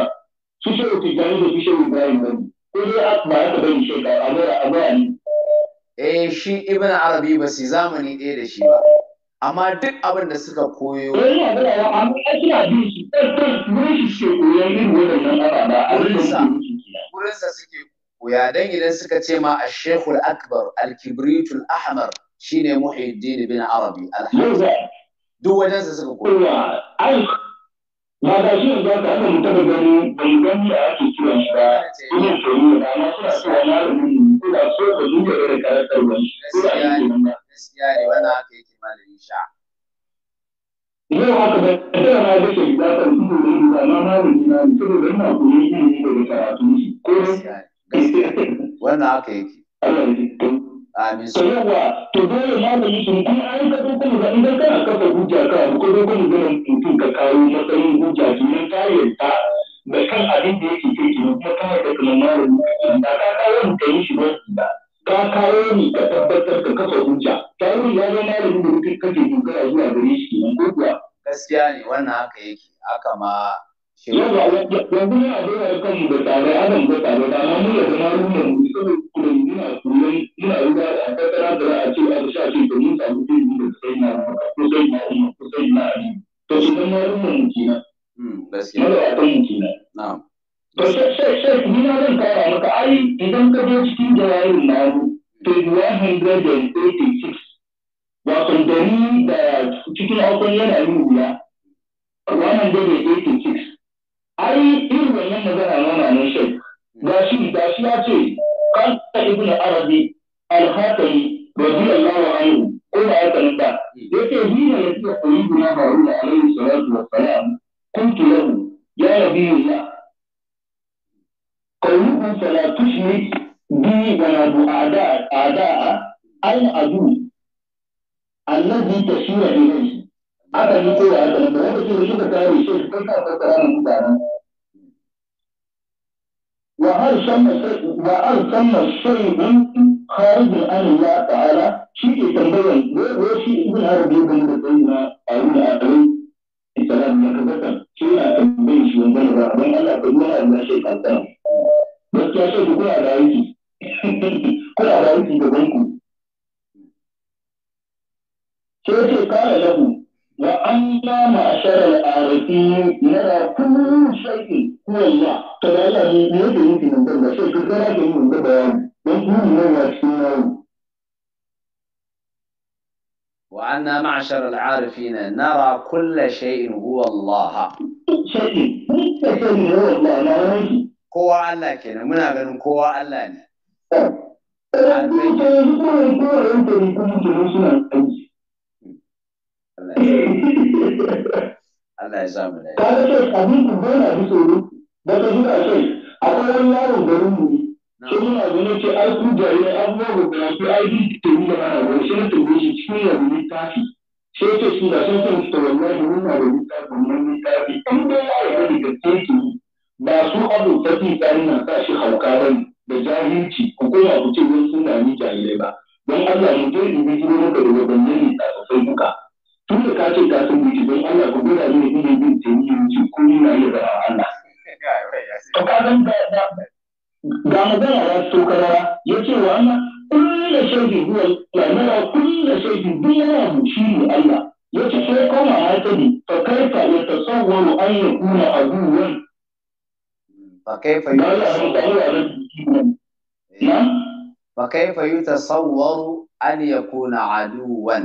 su shi rufi jami da su shi ibrahim ba ko dai ba aka bani shi ka azara azara ne eh shi arabi ba su zamani ɗaya da shi ba amma duk abin da suka koyo wurinsa suke wuya dan idan suka ce ma shekul akbar alkibritul ahmar shine muhiddin bin arabi duk wajen su suka koyi ma da shi da ta san mutum da gani da gani da ake kiran shi ba ina shiri da ma suna cewa malamin ko da so da duka irin karatar wani ko da ake nan gaskiya ne wannan haka yake malamin sha yau haka da ina na da shi da da na koyi ilimi daga wannan haka yake amin so yawa to dole malami sun kuma an ka dauko mu in ka kana kafa hujja ka ko dauko mu ganin mutum ka kawo matsayin hujja ki nan ka yarda da kan abin da yake kai ki kuma kana da kuma malami da ka kawo mu kai shi ba ka kawo ni ka tabbatar ka kafa hujja ta yi ya ga malami da kake dogara zuwa gare shi ko kuwa gaskiya ne wannan haka yake haka ma yanzu ne a dora kanmu da tsare adam da tsare da na mula da marunan mu saboda kudin muna kullum muna ruwa a tattara da a ce a sha ce domin samu ilimi da sai na kusan na umma kusan na ali to su zama marunan mu kenan hmm, marawatan mu kenan na'am to sai sai ni na zan kara maka ai idan ka je cikin jawabin maru to 186 wato dari da cikin hausan yana yin wuya 186 ai irin wannan magana ma na nan gashi gashi ya ce kan ibn arabi al-hakami radiyallahu anhu ko ba haka nan ba yace ni ne yake koyi guna ba ruwa alaihi salatu wassalam kuntu lahu ya nabiyullah qawluhu fala tushrik bi wa la du'ada ada al adu alladhi tashira ilayhi aka ni ko ya da ba ko shi ka kare shi kan ka fara mutanen wa an sanna sirrin din kharijin Allah ta'ala shi ke tambayan wa shi ibn Arabi ibn Abdul na Ali na Ali salam ya kabata shi na tambayin shi wannan ba dan Allah ka ta ba ta so ku kula da yiki ku kula da yiki da banku sai ce kare lahu وأما معشر العارفين نرى كل شيء هو الله ترى الله من شيء من معشر العارفين نرى كل شيء هو الله هو الله لا Allah ya sa mu da abin ku ba na tsoro da ka zuka akwai wani yaron garin mu sai muna zaune ce ai ku jariya abubuwan da ai ji ta yi da mana wani sai ta yi shi cikin yanzu ni tafi sai ta shi da sun san ta wallahi mun na da ni tafi mun ni tafi in dai ya yi da gaske ki ba su abu fi tsari na sa shi hauka da jahilci ku koma ku ce wani suna ni jahilai ba don Allah mu je in bi jiro maka da wadannan ni sai duka. tun da ka ce ka san biki don Allah ku gwada ne ne bin tani yanzu ko ni na iya zama Allah to ka san ga ga magana ya so karara yace wa Allah kullu shay'in huwa Allah kullu shay'in duk yana shi ne Allah yace sai koma ya sani fa kaifa yatasawwaru an yakuna aduwan fa kaifa fa kaifa yatasawwaru an yakuna aduwan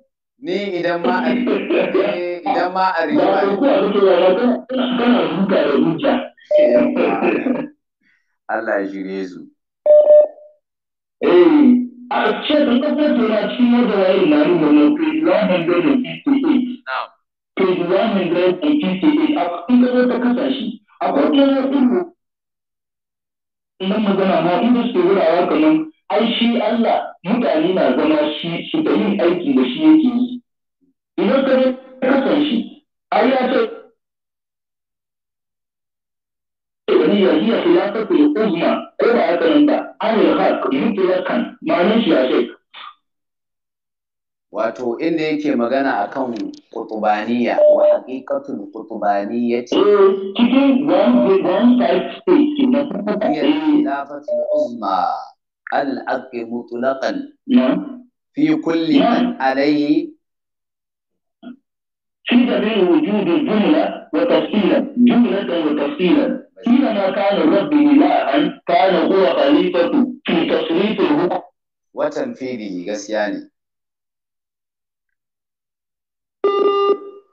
ni idan ma a idan ma a Allah ya shirye su a ce da kafin tura cikin yadda waye na nuna ne page 158 page 158 a cikin gaba ta kasashe akwai kyanar ilu na magana na inda su wurawa kamar ai shi Allah mutane na zama shi su da yin aiki da shi yake yi idan ka ne kasan shi ai ya ce wani ya khilafatu al-uzma ko ba haka nan ba anil haq mutlaqan ma'anar shi ya ce. wato inda yake magana akan kutubaniya wa haqiqatul kutubaniya ce eh, cikin one one type state na khilafatu al-uzma الحق مطلقا في كل من عليه في دليل وجود الجملة وتفصيلا جملة وتفصيلا كلما كان الرب إلها كان هو خليفة في تصريف الحكم وتنفيذه غسياني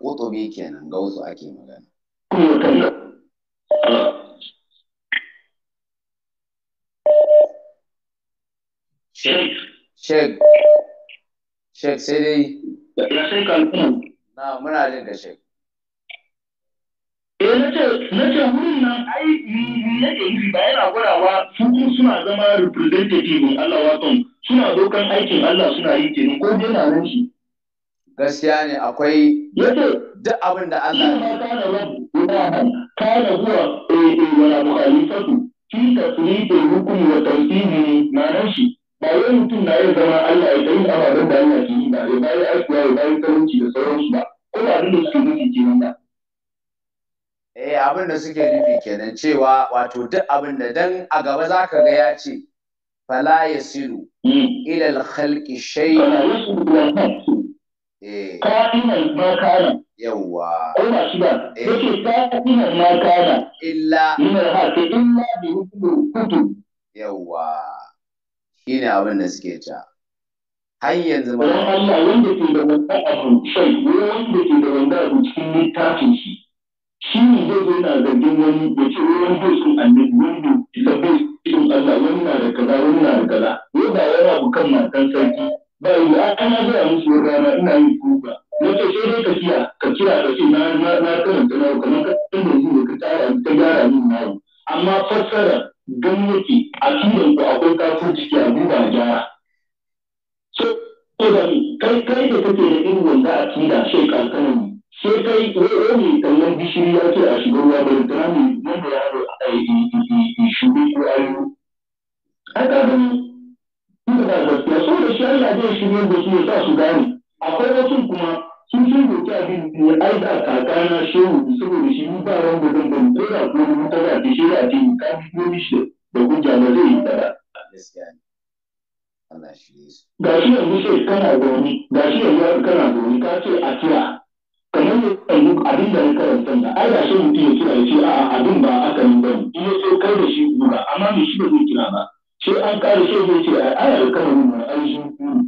قطبي كان غوث أكيم الله Sheikh Shek sai dai. Ya sai kalkun. Na muna jin da sheikh. Eh na ce na ce wurin nan ai ni yake nufi ba yana gwadawa su kuma suna zama representative Allah waton suna dokan aikin Allah suna yi kenan ko dai na nan shi. Gaskiya ne akwai duk abin da Allah ne. Kana zuwa eh eh wala mukhalifatu fi tasrifil eh, hukmi wa na nan shi. ba wai mutum na yin zama Allah ya kai ababen da Allah ke yi ba ya bayi aikuwa ya bayi talauci da sauransu ba ko ba abin da suke nufi nan ba. Eh abin da suke nufi kenan cewa wato duk abin da dan a gaba za ka ga ya ce fala ya silu hmm. ilal khalqi shay'an eh. ka'inan ma kana yawwa ko ba shi ba eh. yace ka'inan ma kana illa min al-haqi illa bi hukmi kutub yawwa shi ne abin da suke ca har yanzu ba Allah wanda ke da wanda abu shai wanda ke da wanda abu cikin littafin shi shi ne zai zo na zargin wani ya ce wani bai sun annabi wani da bai sun Allah wani na da kaza wani na da kaza ko da yana bukan matan sarki ba yi ana zai musu rana ina yin kuka na ce sai dai ka kira ka kira ka ce na karanta na kamar ka tunda zuwa ka tsara ka gyara min na amma fassara don yake a kiwon ku akwai kafin ciki a duba a gyara. So, so da kai kai da kake da irin wanda a tira shi kankanin sai kai wai mai kallon gishiri ya ce a shiga ruwa bai tana mai wanda ya haɗu a shige ko ayu. Ai ka gani inda da gaskiya so da shi Allah zai shirye da su ya sa su gane akwai wasu kuma sun sun da ta abin da ya a kakana shehu saboda shi ba ran gudun ban ko da ko mun ta da shi da tin ka fi ko shi da hujja ba zai yi ba ga shi yanzu sai kana da wani ga shi yanzu kana da wani ka ce a kira kamar yanzu abin da ya karanta da ai da shi mutum ya kira ya ce a'a abin ba aka yi ba in ya ce kai da shi buga amma me shi ba zai kira ba sai an ƙara sai zai ce ai alƙalamin mai ai shi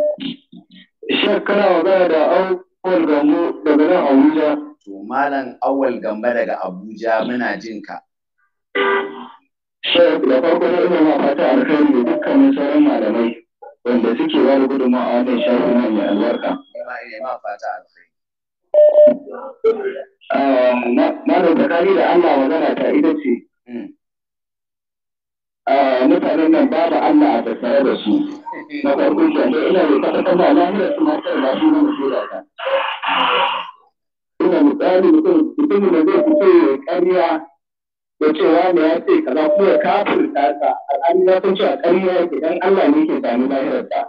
shakkarawa gaya da awal gambo daga nan Abuja. To malam awal gambo daga Abuja muna jin ka. Shek da farko na ina ma fata alkhairi da dukkanin sauran malamai wanda suke ba da gudunmawa a wannan shafi na mai albarka. ma fata alkhairi. Ah, malam tsakani da Allah magana ta ita ce. Mm. Ah, mutanen nan babu Allah a tattare da su. na farko ke da ina da da Ina misali mutum mutum da zai fito ya da cewa ne ya ce kaza kuma ya kafirta ta al'adu ya san a karya yake dan Allah ne ke sami lafiyar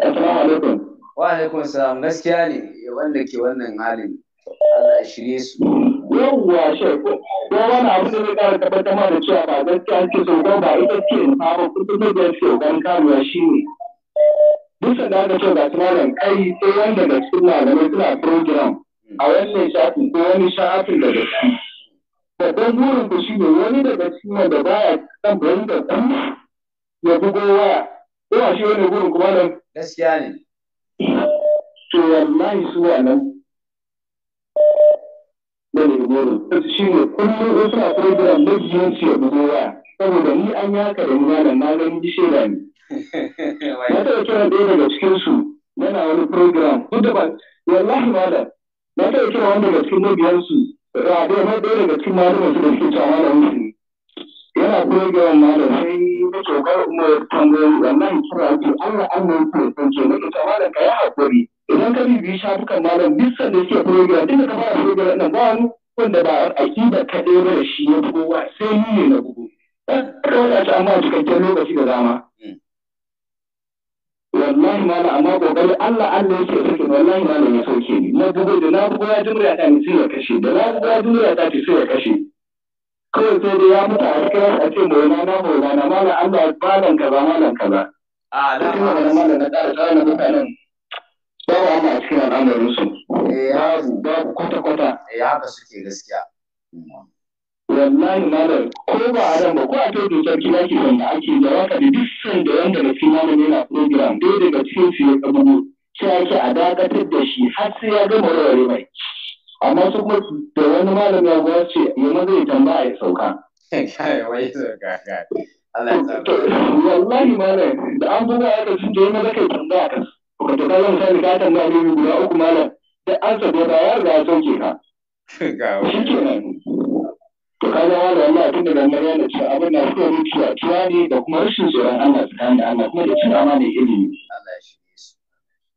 Assalamu alaikum. Wa alaikum salam gaskiya ne wanda ke wannan halin Allah ya shirye su. yawwa Ko don wani abu da zai kara tabbatar ma cewa ba gaskiya ce so ba ba ita ce na ba kuma da ce ban karuwa shine bisa da aka ce ga tunanin kai sai wanda da cikin malamai suna program a wannan shafin ko wani shafin da da su babban burin ku shine wani daga cikin wanda baya kan bayan da dan ya bugo waya ko a shi wani burin kuma nan gaskiya ne to wallahi su nan. yanayin goro shi ne kullum in suna program magiyanci ya bugo waya saboda ni an yi haka da mu munanan na ganin bishira ni. na taɓa kiran ɗaya daga cikinsu yana wani program duk da ba wallahi malam na taɓa kiran wani daga cikin mabiyansu a ɗaya ma ɗaya daga cikin malamin su da suke cewa malamin su yana program malam sai na tsokar umar tambayoyi wannan kira ce allah allah ya ce na ita malam ka yi haƙuri idan ka bibiyi shafukan malam duk sanda suke program da ka fara program nan ba wani wanda ba aƙida kaɗai ba da shi ya fito ba sai ni ne na gugu ɗan a ci amma cikakken lokaci da dama hmm. wallahi malam amma kokari Allah Allah yake sauke wallahi malam ya sauke ni na gugu da na bugu ya jimra ta ni sai ya kashe da na bugu ya ya ta sai ya kashe kawai sai dai ya mutu a cikin a ce mai na na mai na malam Allah ya nan kaza malam kaza a ah, na malam na da tsara mutanen babu Allah a cikin al'amarin su eh, babu babu kwata kwata eh haka suke gaskiya wallahi malam ko ba a ran ba ko a taito sarki na ke wanda ake da waka da duk san da wanda na cikin malam yana program dai daga cikin su ya kabugo sai ake a dakatar da shi har sai ya gama warware mai amma su kuma da wani malam ya ga ce yana zai tambaya ya sauka wallahi malam da an buga ya kasu da maza kai tambaya kasu wato ka zama sai ka tambaya ne guda uku malam da an sabo da ya riga ya sauke ka shi ke nan to ka zama da Allah tun da nan yana cewa abin da suka rubuta cewa ne da kuma rashin tsoron Allah tsakanin Allah kuma da cin amana ilimi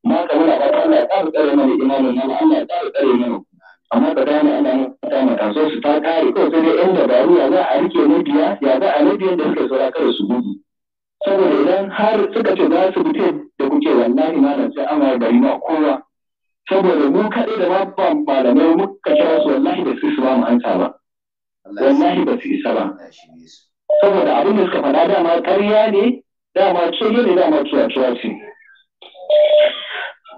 ma ka muna fata Allah ya ƙara tsare mana imanin nan Allah ya ƙara tsare mana amma ba dama ana mata mata so su ta kare kawai sai dai yan dabaru ya za a rike mabiya ya za a mabiyan da suka saura kada su gudu saboda idan har suka ce za su fita. da kuke wallahi malam sai an waye bari ma kowa saboda mu kaɗai da ba malamai muka kira su wallahi da su su ba mu hanta ba wallahi ba su isa ba saboda abin da suka faɗa dama ƙarya ne dama cewa ne dama cewa cewa ce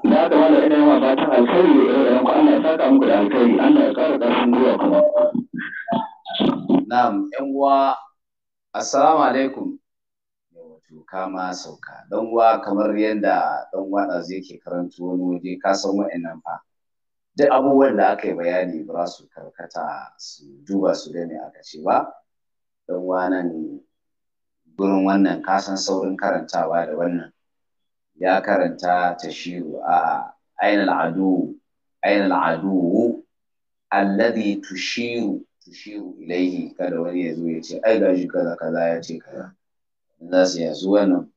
da haka malam ina yawa ta alkhairi da irin ku Allah ya saka muku da alkhairi Allah ya ƙara ƙarfin gwiwa kuma na'am yan uwa assalamu alaikum tuka ma sauka dan wa kamar yadda dan wada zai ke karanta wani waje ka san wa'annan fa duk abubuwan da aka yi bayani ba su karkata su duba su da me aka ce ba dan wannan gurin wannan ka san saurin karantawa da wannan ya karanta tashiru a ainal adu ainal adu alladhi tushiru tushiru ilaihi kada wani ya zo ya ce ai gashi kaza kaza ya ce kaza na su yanzu wannan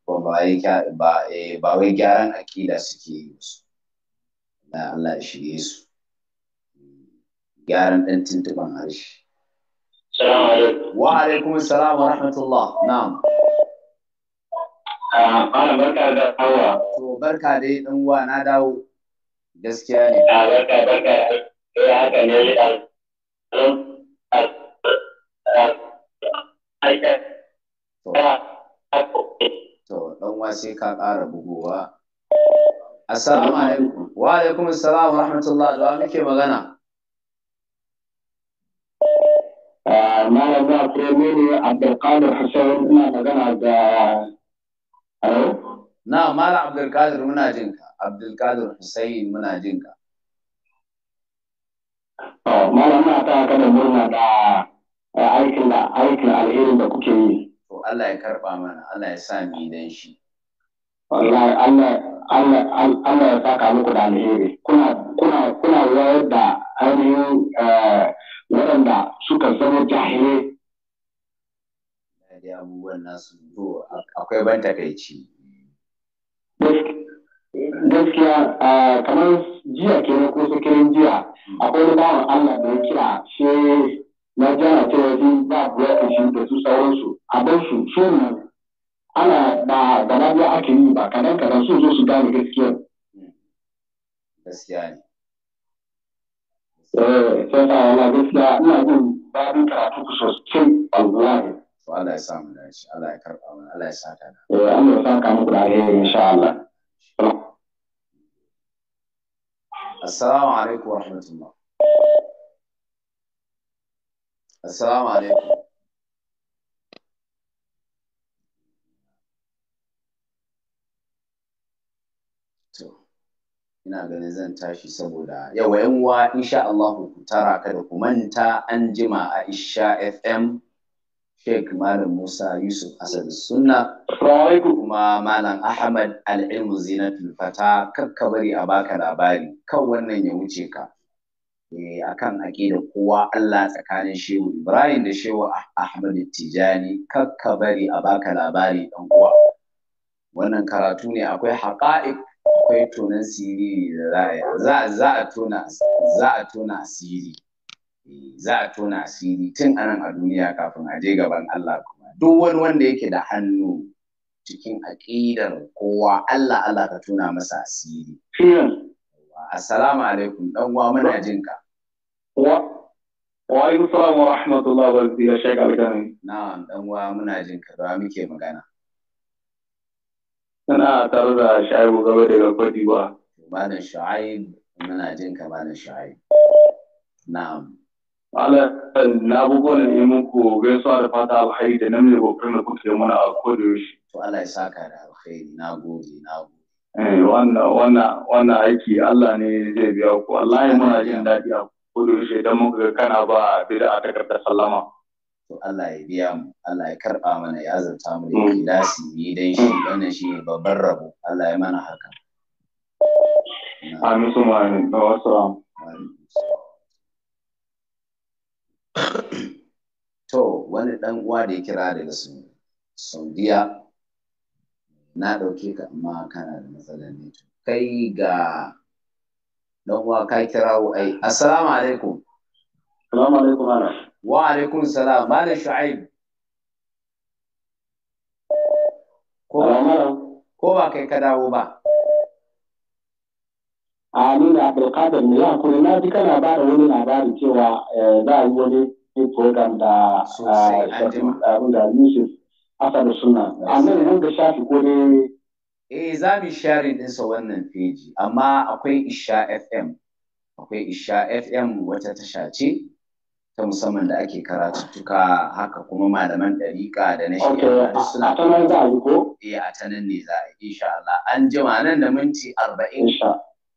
ba eh, wai gyaran akida suke yi su na Allah ya shige su gyaran ɗan tuntuban harshe wa alaikum salam wa rahmatullah na'am Ana ah, barka da hawa. To barka dai ɗan uwa na dawo gaskiya ne. Ah, barka barka ya eh, haka ne Kuma sai ka ƙara bugowa assalamu alaikum wa alaikum assalam wa rahmatullah da muke magana ah, malam na kuma ne abdulkadir hussein ina magana da na malam abdulkadir muna jinka abdulkadir hussein muna jinka ah, malam na ta kada murna eh, da aikin alherin da kuke yi to Allah ya karba mana Allah ya sa mu dan shi wallahi Allah Allah Allah ya saka muku da alheri kuna kuna kuna wayar da ainihin eh, waɗanda suka zama jahilai dai abubuwan nasu to akwai ban takaici gaskiya eh, kamar jiya kenan ko sakirin jiya akwai wani bawan Allah da ya kira shi na jana cewa shi ba buwa shi da su sauransu a bar su su ana da garabiya ake yi ba kadan kadan sun zo su gane gaskiya gaskiya ne eh sai ta wala gaskiya ina jin babin karatu ku sosai ne to Allah ya sa mu dace Allah ya karba mu Allah ya saka da eh Allah ya saka mu da alheri insha Allah Assalamu alaikum wa rahmatullah Assalamu alaikum ina ganin zan tashi saboda yawa yan uwa insha Allah ku tara ka ku manta an jima a Isha FM Sheikh Malam Musa Yusuf Asad Sunna kuma Malam Ahmad Al-Ilmu Zinatul Fata ka bari a baka labari kan wannan ya wuce ka eh, akan da kowa Allah tsakanin Shehu Ibrahim da Shehu Ahmad Tijani ka bari a baka labari dan uwa wannan karatu ne akwai haƙa'ik akwai tonon siriri da za a za a tona za a tona asiri eh, za a tona asiri tun anan a duniya kafin a je gaban Allah kuma duk wani wanda yake da hannu cikin aqidar kowa Allah Allah ka tona masa asiri assalamu alaikum dan uwa muna jin ka wa wa alaikum assalam wa rahmatullahi wa barakatuh ya shaikh alkani na'am dan uwa muna jin ka da muke magana Kana tare da Shaibu gaba daga Kwadiwa. Malam Shu'aib muna jin ka Malam Shu'aib. Na'am. Malam na bugon ne muku gaisuwa da fata alkhairi da namiji kokarin da kuke mana a yaushe. To Allah ya saka da alkhairi na gode na gode. Eh, wannan aiki Allah ne zai biya ku wallahi muna jin daɗi a shi don muka ga kana ba bid'a ta karta sallama. to Allah ya biya mu Allah ya karɓa mana ya azurta mu da mm. ikhlasi ni dan shi wannan shi babban rabo Allah ya mana haka amin su ma'amin wasu to wani dan uwa da ya kira daga su saudiya na dauke ka amma kana da matsalar ne kai ga dan uwa kai kirawo ai assalamu alaikum assalamu alaikum ana wa alaikum salam malam shu'aib ko ba kai ka dawo ba a nuna abdulkadir ne ya kuma na ji kana ba da wani labarin cewa eh, za a yi wani program da eh, da yusuf asa da suna annan nan da shafi ko ne eh za mu share ɗinsa wannan feji amma akwai isha fm akwai isha fm wata tasha ce ta musamman da ake karatuttuka haka kuma malaman ɗariƙa da na shi suna ta nan za a yi ko? Eh a ta nan ne za a yi insha an jima nan da minti arba'in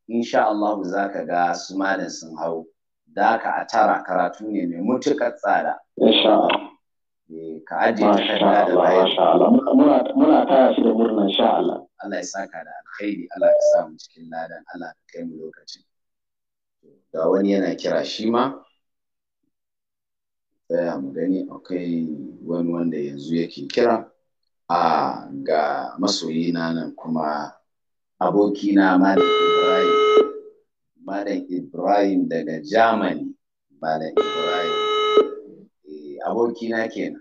insha Allah za ka ga su malam sun hau da ka a tara karatu ne mai mutukar tsada. Insha Allah. Eh, ka ajiye Muna taya shi da Allah. ya saka da alkhairi Allah ya samu cikin ladan Allah ka kai mu lokacin. Ga wani yana kira shi ma. tsaya mu gani akwai wani wanda yanzu yake kira a ga masoyina nan kuma abokina Malam Ibrahim Malam Ibrahim daga Germany Malam Ibrahim eh, abokina kenan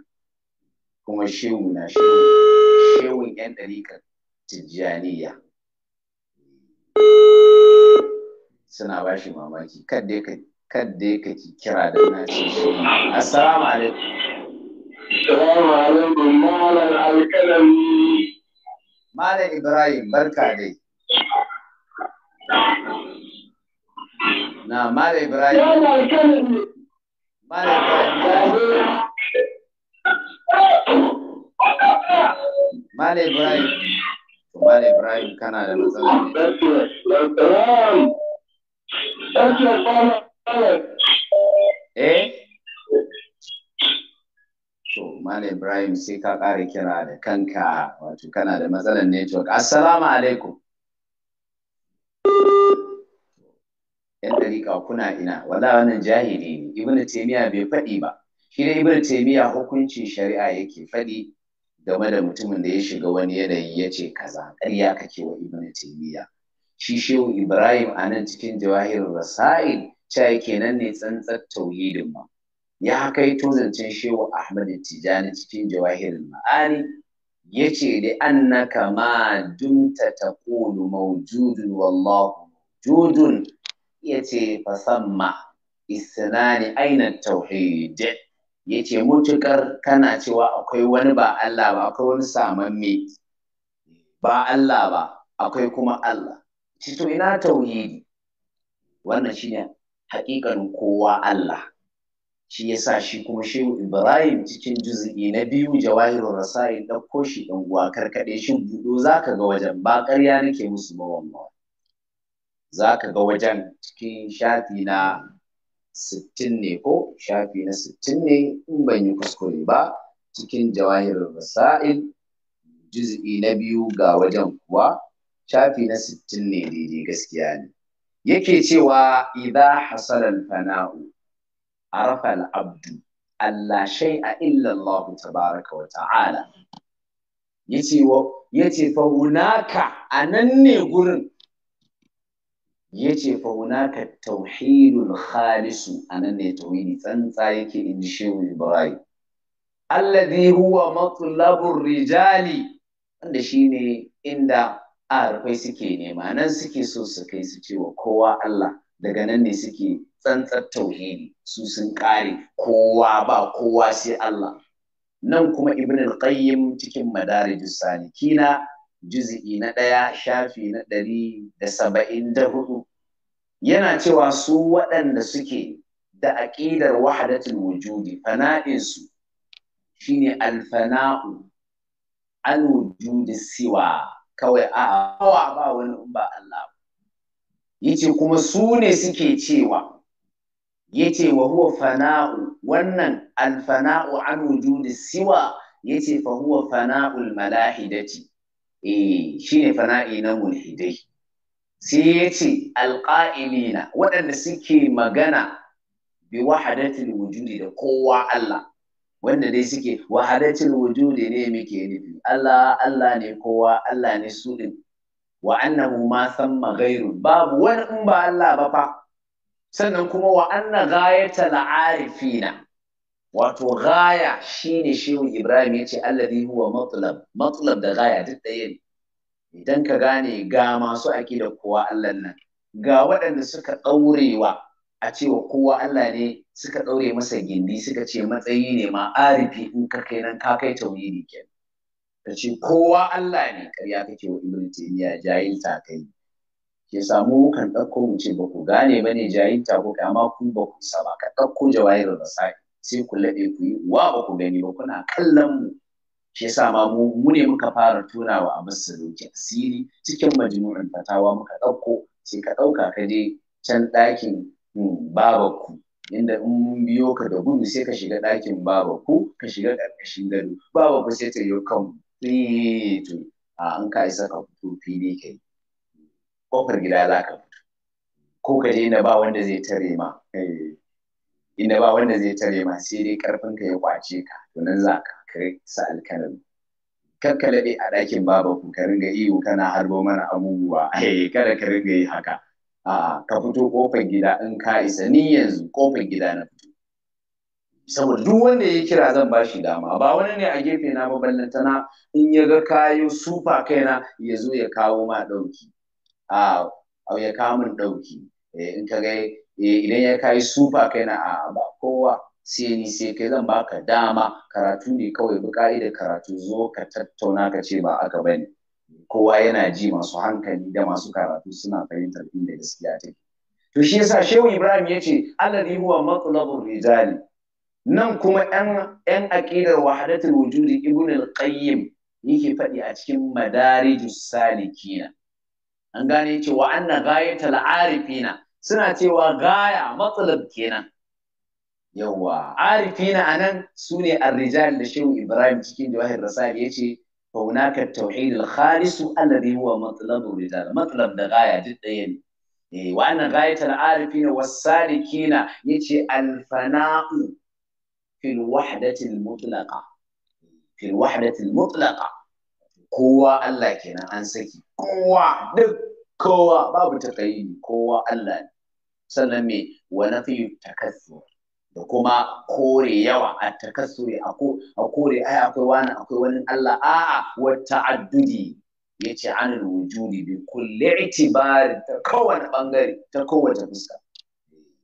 kuma shehu na Shehu yan ɗarika Tijjaniya suna bashi mamaki kan dai kadda ya kaki kira da na ce shi assalamu alaikum assalamu alaikum malam alkalami malam ibrahim barka dai na malam ibrahim malam alkalami malam ibrahim malam ibrahim malam ibrahim kana da matsala ne Eh? Ibrahim sai ka ƙara kira da kanka wato kana da matsalar network. Assalamu alaikum. Yan ɗariƙa kuna ina, wanda wannan jahili ne, Ibn Taymiyyah bai faɗi ba. Shi ne Ibn Taymiyyah hukuncin shari'a yake faɗi game da mutumin da ya shiga wani yanayi ya ce kaza, ƙarya kake wa Ibn Taymiyyah. Shi Shehu Ibrahim a nan cikin jawahirin Rasa'il cai kenan ne tsantsar tauhidin ma ya kai zancen shehu Ahmad Tijani cikin jawahirin ma'ani Ya yace da annaka ma dumta taqulu mawjudun wallahu mawjudun yace fasamma isnani aina tauhid ce mutukar kana cewa akwai wani ba Allah ba akwai wani saman me ba Allah ba akwai kuma Allah ci to ina tauhidi wannan shine haƙiƙanin kowa Allah shi yasa shi kuma shehu Ibrahim cikin juz'i na biyu jawahirul rasail ɗauko shi ɗan uwa karkaɗe shi buɗo zaka ga wajen ba ƙarya nake musu ba wannan zaka ga wajen cikin shafi na sittin ne ko shafi na sittin ne in ban yi kuskure ba cikin jawahirul rasail juz'i na biyu ga wajen kuwa shafi na sittin ne daidai gaskiya ne yake cewa idza hasala fanau arafa al-abdu alla shay'a illa Allah tabaraka wa ta'ala yace wa yace fa hunaka anan ne gurin yace fa hunaka tauhidul khalis anan ne tauhidi tsantsa yake in shehu Ibrahim alladhi huwa matlabur rijali wanda shine inda a rufai suke nema nan suke so su kai su wa kowa Allah daga nan ne suke tsantsar tauhidi su sun kare kowa ba kowa sai Allah nan kuma ibn al-qayyim cikin madarijus salikina juz'i na ɗaya shafi na ɗari da saba'in da hudu yana cewa su waɗanda suke da aƙidar wahadatul wujudi fana'insu shine alfana'u an wujudi siwa kawai a kawa ba wani ba Allah yace kuma su ne suke cewa yace wa huwa fana'u wannan alfana'u an wujudi siwa yace fa huwa fana'ul malahidati eh shine fana'i na mulhidai sai yace alqa'ilina waɗanda suke magana bi wahadatul wujudi da kowa Allah wanda dai suke wahalacin wujudi ne muke nufi Allah Allah ne kowa Allah ne su din wa annahu ma samma ghairu babu wani in ba Allah ba fa sannan kuma wa anna ghayatal arifina wato gaya shine shehu Ibrahim yace alladhi huwa matlab matlab da gaya duk da ne idan ka gane ga masu akida kowa Allah nan ga waɗanda suka ɗaurewa a cewa kowa Allah ne suka ɗaure masa gindi suka ce matsayi ne ma arifi in ka kai nan ka kai ne ke ta ce kowa Allah ne ƙarya kake wa ibn taymiya jahilta kai ke samu kan ɗauko mu ce ba ku gane ba ne jahilta ko amma ku ba ku isa ba ka ɗauko jawahirar rasai sai ku laɗe ku yi uwa ba ku gani ba kuna kallon mu Ke sama ma mu mu ne muka fara tunawa a masaruki asiri cikin majmu'in fatawa muka ɗauko sai ka ɗauka ka je can ɗakin hmm, babakku inda in mun biyo ka da gudu sai ka shiga ɗakin baba ku ka shiga ƙarƙashin gado baba ku sai ta yi kan to a an ka isa ka fito fili kai Ƙofar gida za ka fito ko ka je inda ba wanda zai tare ma eh, sai dai ƙarfin ka ya kwace ka to nan za ka kai sa alkalami kakkalabe a ɗakin baba ku ka ringa iyo kana harbo mana abubuwa eh, kada ka ringa yi haka a ka fito kofar gida in ka isa ni yanzu kofar gida na fito saboda duk wanda ya kira zan ba shi dama ba wani ne a gefe na maballantana in ya ga kayo sufa kaina ya zo ya kawo ma ɗauki a ya kawo min ɗauki eh, in ka ga eh, idan ya kayi sufa kaina a ba kowa sai ni sai kai zan baka dama karatu ne kawai bi da karatu zo ka tattauna ka ce ba aka bane kowa yana ji masu hankali da masu karatu suna fahimtar inda gaskiya take to shi yasa shehu ibrahim ya ce alladhi huwa matlabur rijali nan kuma yan aƙidar aqidar wahdatul wujudi ibn al-qayyim yake faɗi a cikin madarijus salikina an gane ce wa anna ghayatul arifina suna cewa gaya matlab kenan yawa arifina anan sune ar-rijal da shehu ibrahim cikin jawahir ya yace فهناك التوحيد الخالص الذي هو مطلب الرجال مطلب ده غاية جدا وأنا غاية العارفين والسالكين يجي الفناء في الوحدة المطلقة في الوحدة المطلقة قوة الله كنا أنسكي قوة دك قوة باب تقييم قوة الله سلمي ونفي التكثر da kuma kore yawa a takassuri a kore ai akwai wani akwai wani Allah a'a wa ta'addudi yace anil wujudi bi kulli itibari ta kowane bangare ta kowace fuska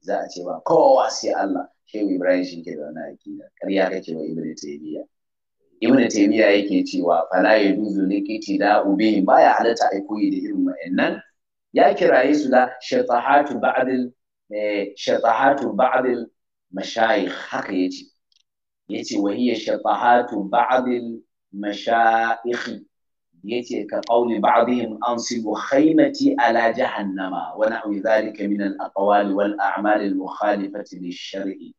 za a ce ba kowa sai Allah shehu Ibrahim shi ke da wannan akida ƙarya kake wa Ibn Taymiyyah Ibn Taymiyyah yake cewa fala yaduzu likiti da ubi baya halatta ai koyi da irin wa'annan ya kiraye su da shatahatu ba'dil eh, shatahatu ba'dil mashayikh haka yace yace wa hiya shafahatu ba'd al mashayikh yace ka qawli ba'dihim ansibu khaymati ala jahannama wa nahwi dhalika min al aqwali wal a'mal al mukhalifati lish shar'i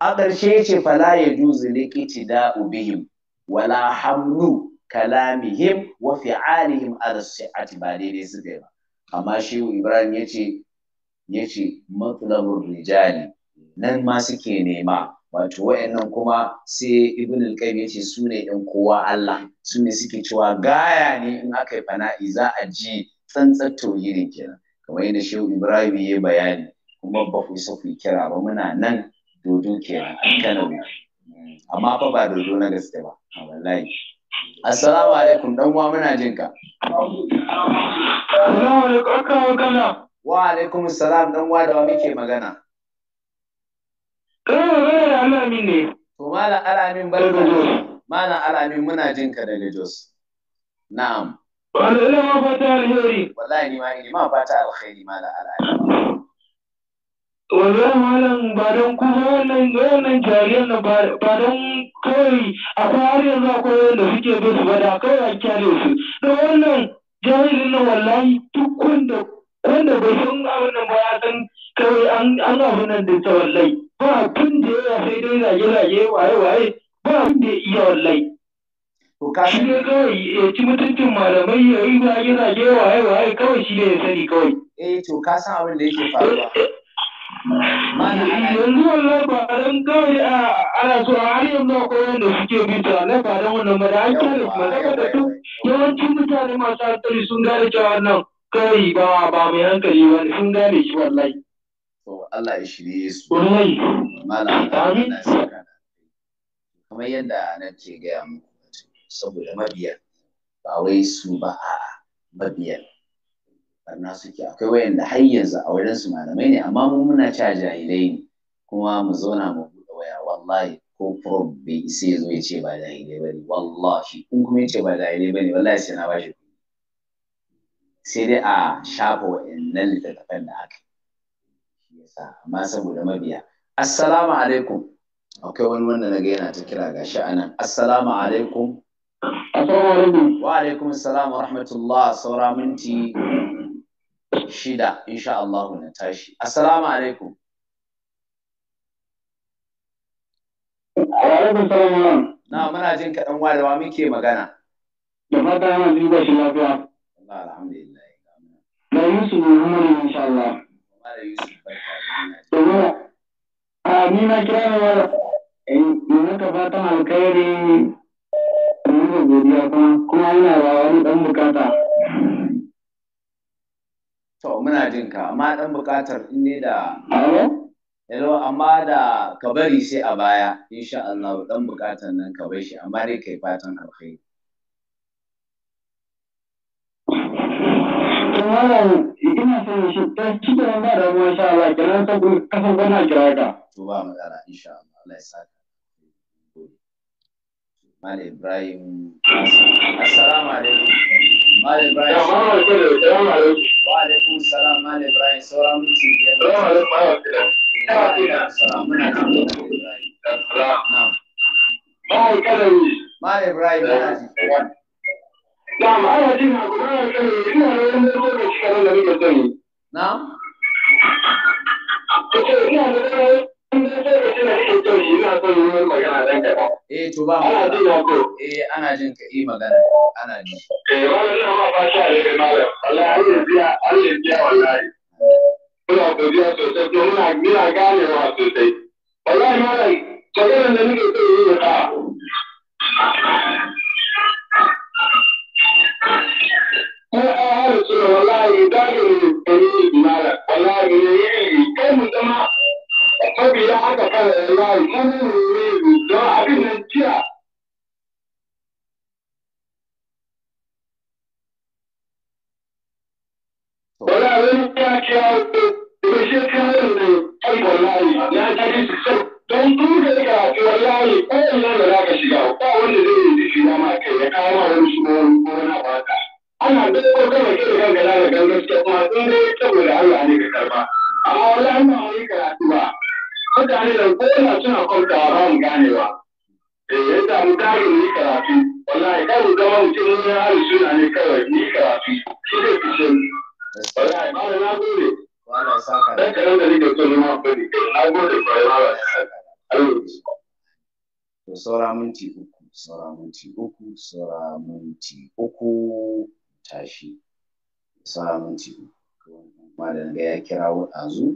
a ƙarshe yace fala yajuzu da bihim wala hamlu kalamihim wa fi'alihim ala sihhati ba daidai suka yi ba amma shehu ibrahim yace yace matlabur rijali nan ma suke nema wato wayannan kuma sai ibn al-qayyim yace su ne ɗan kowa Allah su ne suke cewa gaya ne in aka yi fana'i za a ji tsantsar tauhidi kenan kamar yadda shehu ibrahim ya bayani kuma ba ku isa ku kira ba muna nan dodo kenan an kanawi amma fa ba dodo na gaske ba wallahi assalamu alaikum dan uwa muna jin ka assalamu alaikum wa alaikum assalam dan uwa da wa muke magana Eh, eh, alamin ne. To malam alamin barka. Malam alamin muna jin ka da Lagos. Na'am. Wallahi ma fata alheri. Wallahi ni ma ni ma fata alheri malam alamin. Wallahi malam ba don kuma wannan wannan jariyar na ba don kawai akwai har yanzu akwai wanda suke bin su ba da kawai a kyale su. Da wannan jahilin na wallahi duk wanda wanda bai san abin nan ba ya san kawai an abu nan da ta wallahi. ba tun da ya sai dai rage-rage waye-waye ba tun da ya iya wallai. To ka shi ne kawai ya ci mutuncin malamai ya yi rage-rage waye-waye kawai shi ne ya sani kawai. Eh to ka san abin da yake faruwa. Yanzu wallahi ba dan kawai ana so har yanzu akwai wanda suke bi to Allah ba dan wannan ba da an kyale kuma daga da duk yawancin mutane masu hankali sun gane cewa nan kawai ba ba mai hankali ba sun gane shi wallahi. to Allah ya shirye su malam na saka kamar yadda na ke gaya muku saboda mabiyan ba wai su ba a mabiyan barna suke akwai wayanda har yanzu a wurin su malamai ne amma mu muna cewa jahilai ne kuma mu zauna mu buɗe waya wallahi ko prof bai isa ya zo ya ce ba jahilai bane wallahi in kuma ya ce ba jahilai bane wallahi sai na bashi sai dai a shafa wa'annan littattafan da aka amma saboda mabiya assalamu alaikum akwai wani wanda na ga yana ta kira ga anan. assalamu alaikum wa alaikum assalam wa rahmatullah saura minti shida insha Allah na tashi assalamu alaikum na muna jin kaɗan wa da wa muke magana da fata yana jin ba shi lafiya Allah alhamdulillah da Yusuf Muhammadu insha Allah Yusuf a uh, ni na kira ne wala eh, in maka fatan alkhairi maka godiya kuma kuma ina ba wani dan bukata to muna jin ka amma ɗan buƙatar in ne da Hello, amma da ka bari sai a baya, insha Allah ɗan buƙatar nan ka bai shi, amma dai kai fatan alkhairi. Malam ina son shi dan cike ba da mu insha Allah kenan ta gudu kasan gwana kira ka to ba matsala insha Allah Allah ya saka Mal Ibrahim Assalamu alaikum Mal Ibrahim Assalamu alaikum Wa alaikum salam Mal Ibrahim sauran minti biyar Assalamu alaikum Assalamu alaikum Mal Ibrahim Mal Na'am ana jin ka kuma ina da lokaci kamar da muke sani. Na'am. Kace ina da lokaci Eh to ba mu. Eh ana jin ka yi magana. Ana ji. Eh ba ina ma fashi a rike malam. Allah ya yi biya, Allah ya biya wallahi. Muna godiya sosai, to muna muna ganewa sosai. Wallahi malam, kagaran da nake so yi ya ko a hada su da wallahi dafin ɗari mara wallahi ne yi kai mu zama mabiya haka kan wallahi mun yi don abin nan jiya wala ya na don tun karatu ko ina da yi ko ana duk ko kawai irin kan gala da gangan gaskiya kuma sun dai saboda Allah ne karba amma wala an ba mu karatu ba mutane da kowa suna ba mu ganewa eh karatu wallahi mu zama mun suna ne kawai karatu shi zai wallahi na gode dan karan da na gode ba ya ba minti uku minti uku tashi sa minti kuma da ga ya kirawo ɗazu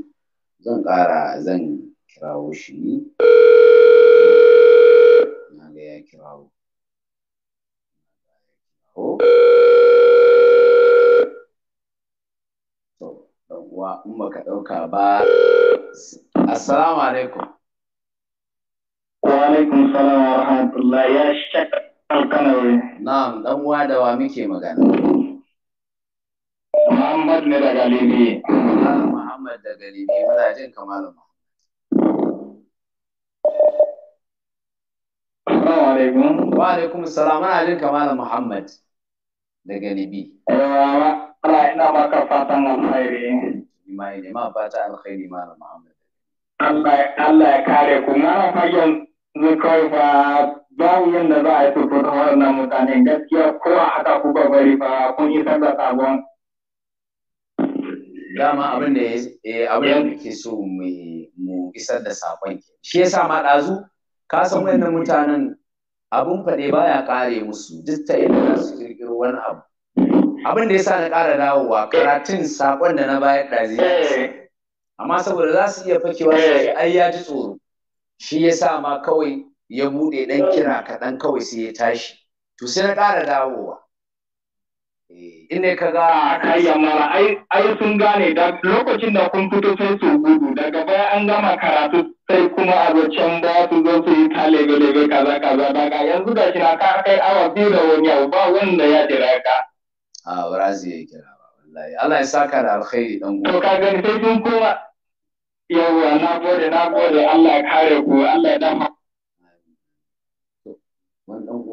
zan ƙara zan kirawo shi ne na ga ya kirawo in baka ɗauka ba assalamu alaikum wa alaikum salam wa ya shaka Na'am, dan uwa da wa muke magana. Muhammad ne daga Libi. Muhammad daga Libi, muna jin kamar Assalamu alaikum. Wa alaikum assalam, muna jin kamar Muhammad daga Libi. Allah ina maka fatan alkhairi. Imai ne ma fata alkhairi malam Muhammad. Allah ya kare fagen babu yadda za a yi tutunan waɗannan mutane gaskiya ko a haka kuka bari fa kun yi da sabon. Dama abin da ya eh, abin da ke so mu isar da sabon ke. Shi ya sa maɗazu, ka san wannan mutanen abin faɗe ya ƙare musu duk ta inda za su kirkiro wani abu. Abin da ya sa na ƙara dawowa karatun saƙon da na bayar ɗazi. Eh. Amma saboda za su iya fakewa sai ai ya ji tsoro. Shi ya sa ma kawai ya bude dan kira kaɗan kawai sai ya tashi to sai na ƙara dawowa eh, in ne ka ga ah, kai yamma ai sun gane da lokacin da kun fito sai su gudu daga baya an gama karatu sai kuma a can da su zo su yi ta lege lege kaza kaza daga yanzu da shi na ka kai awa biyu da wani abu ba wanda ya jira ka a wura ya kira ba wallahi Allah ya saka da alkhairi dan gobe to ka gani sai kun koma. yawwa na gode na gode Allah ya kare ku Allah ya dama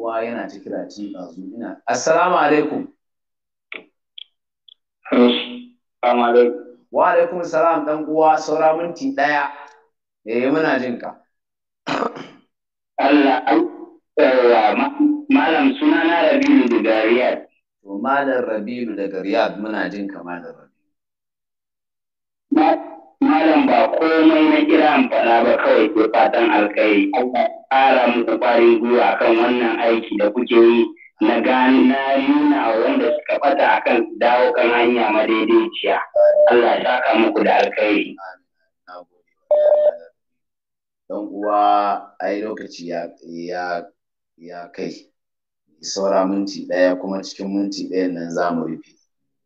uwa yana ta kira a ɗazu ina assalamu alaikum assalamu alaikum wa alaikum salam dan uwa saura minti ɗaya eh muna jin ka Allah an malam suna na Rabiu daga Riyadh to malam Rabiu daga Riyadh muna jin ka malam Rabiu malam ba komai na kira amfana ba kawai ke fatan alkai ƙara muku ƙwarin gwiwa kan wannan aiki da kuke yi na gani na nuna wanda suka fata akan dawo kan hanya madaidaiciya Allah ya saka muku da alkhairi don uwa ai lokaci ya kai saura minti ɗaya kuma cikin minti ɗayan nan za mu rufe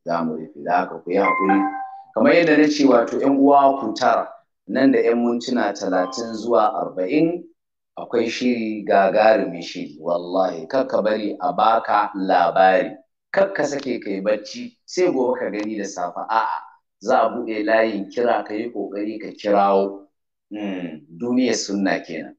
za mu rufe da haka ku yi haƙuri kamar yadda na ce wato yan uwa ku tara nan da yan mintuna talatin zuwa arba'in akwai shiri gagarumin shiri wallahi kar ka bari a baka labari kar ka sake kai bacci sai gobe ka gani da safa a'a za a buɗe layin kira ka yi ƙoƙari ka kirawo hmm, duniyar sunna kenan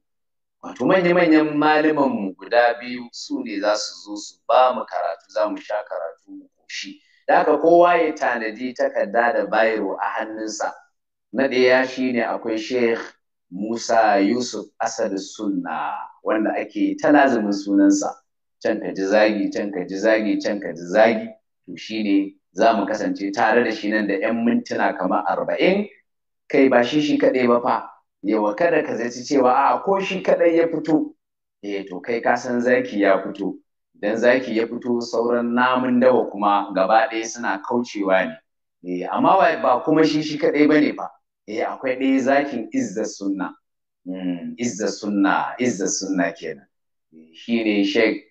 wato manya-manyan malamanmu guda biyu su ne za su zo su ba mu karatu za mu sha karatu mu koshi da kowa ya tanadi takarda da bayro a hannunsa na ɗaya shi ne akwai sheikh musa yusuf asad sunna wanda ake ta lazumin sunansa can ka ji zagi can ka ji zagi can ka ji zagi to shi ne za mu kasance tare da shi nan da 'yan mintuna kamar arba'in kai ba shi shi kaɗai ba fa yawa kada ka zaci cewa a ko shi kaɗai ya fito eh to kai ka san zaki ya fito idan zaki ya fito sauran namun dawa kuma gaba ɗaya suna kaucewa ne eh amma ba kuma shi shi kaɗai bane ba eh akwai ɗaya zakin izza sunna mm izza sunna izza sunna kenan eh, shine Sheikh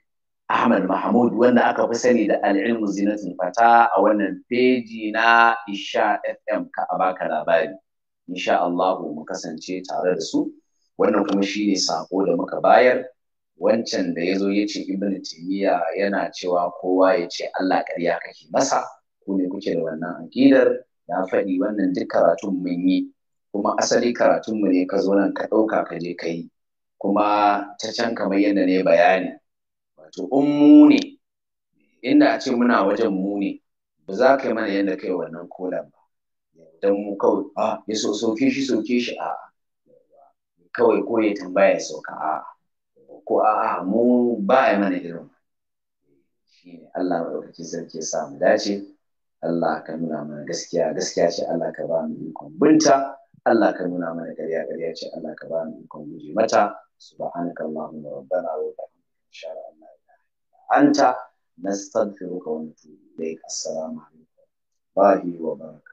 Ahmad Mahmud wanda aka fi sani da al'ilmu zinatul fata a wannan feji na Isha FM ka a baka labari. Insha Allah mu kasance tare da su. Wannan kuma shi ne sako da muka bayar wancan da ya zo ya ce ibn timiya yana cewa kowa ya ce Allah ƙarya kake masa ku ne kuke da wannan aƙidar na faɗi wannan duk karatun mun yi kuma asali karatun mu ne ka zo nan ka ɗauka ka je ka yi kuma ta can kamar yadda ne bayani wato in mu ne inda a ce muna wajen mu ne ba za ka yi mana yadda kai wannan kolan ba don mu kawai a ah, ya soke shi soke shi a kawai ko ya tambaya sauka a'a ko a'a mu ba ya mana irin shine Allah madaukakin sarki ya sa mu dace Allah ka nuna mana gaskiya gaskiya ce Allah ka ba mu ikon binta Allah ka nuna mana ƙarya ƙarya ce Allah ka ba mu ikon guje mata subhanaka allahumma rabbana wa bihamdika shara Allah ila anta nastaghfiruka wa natubu ilayk assalamu alaikum wa barakatuh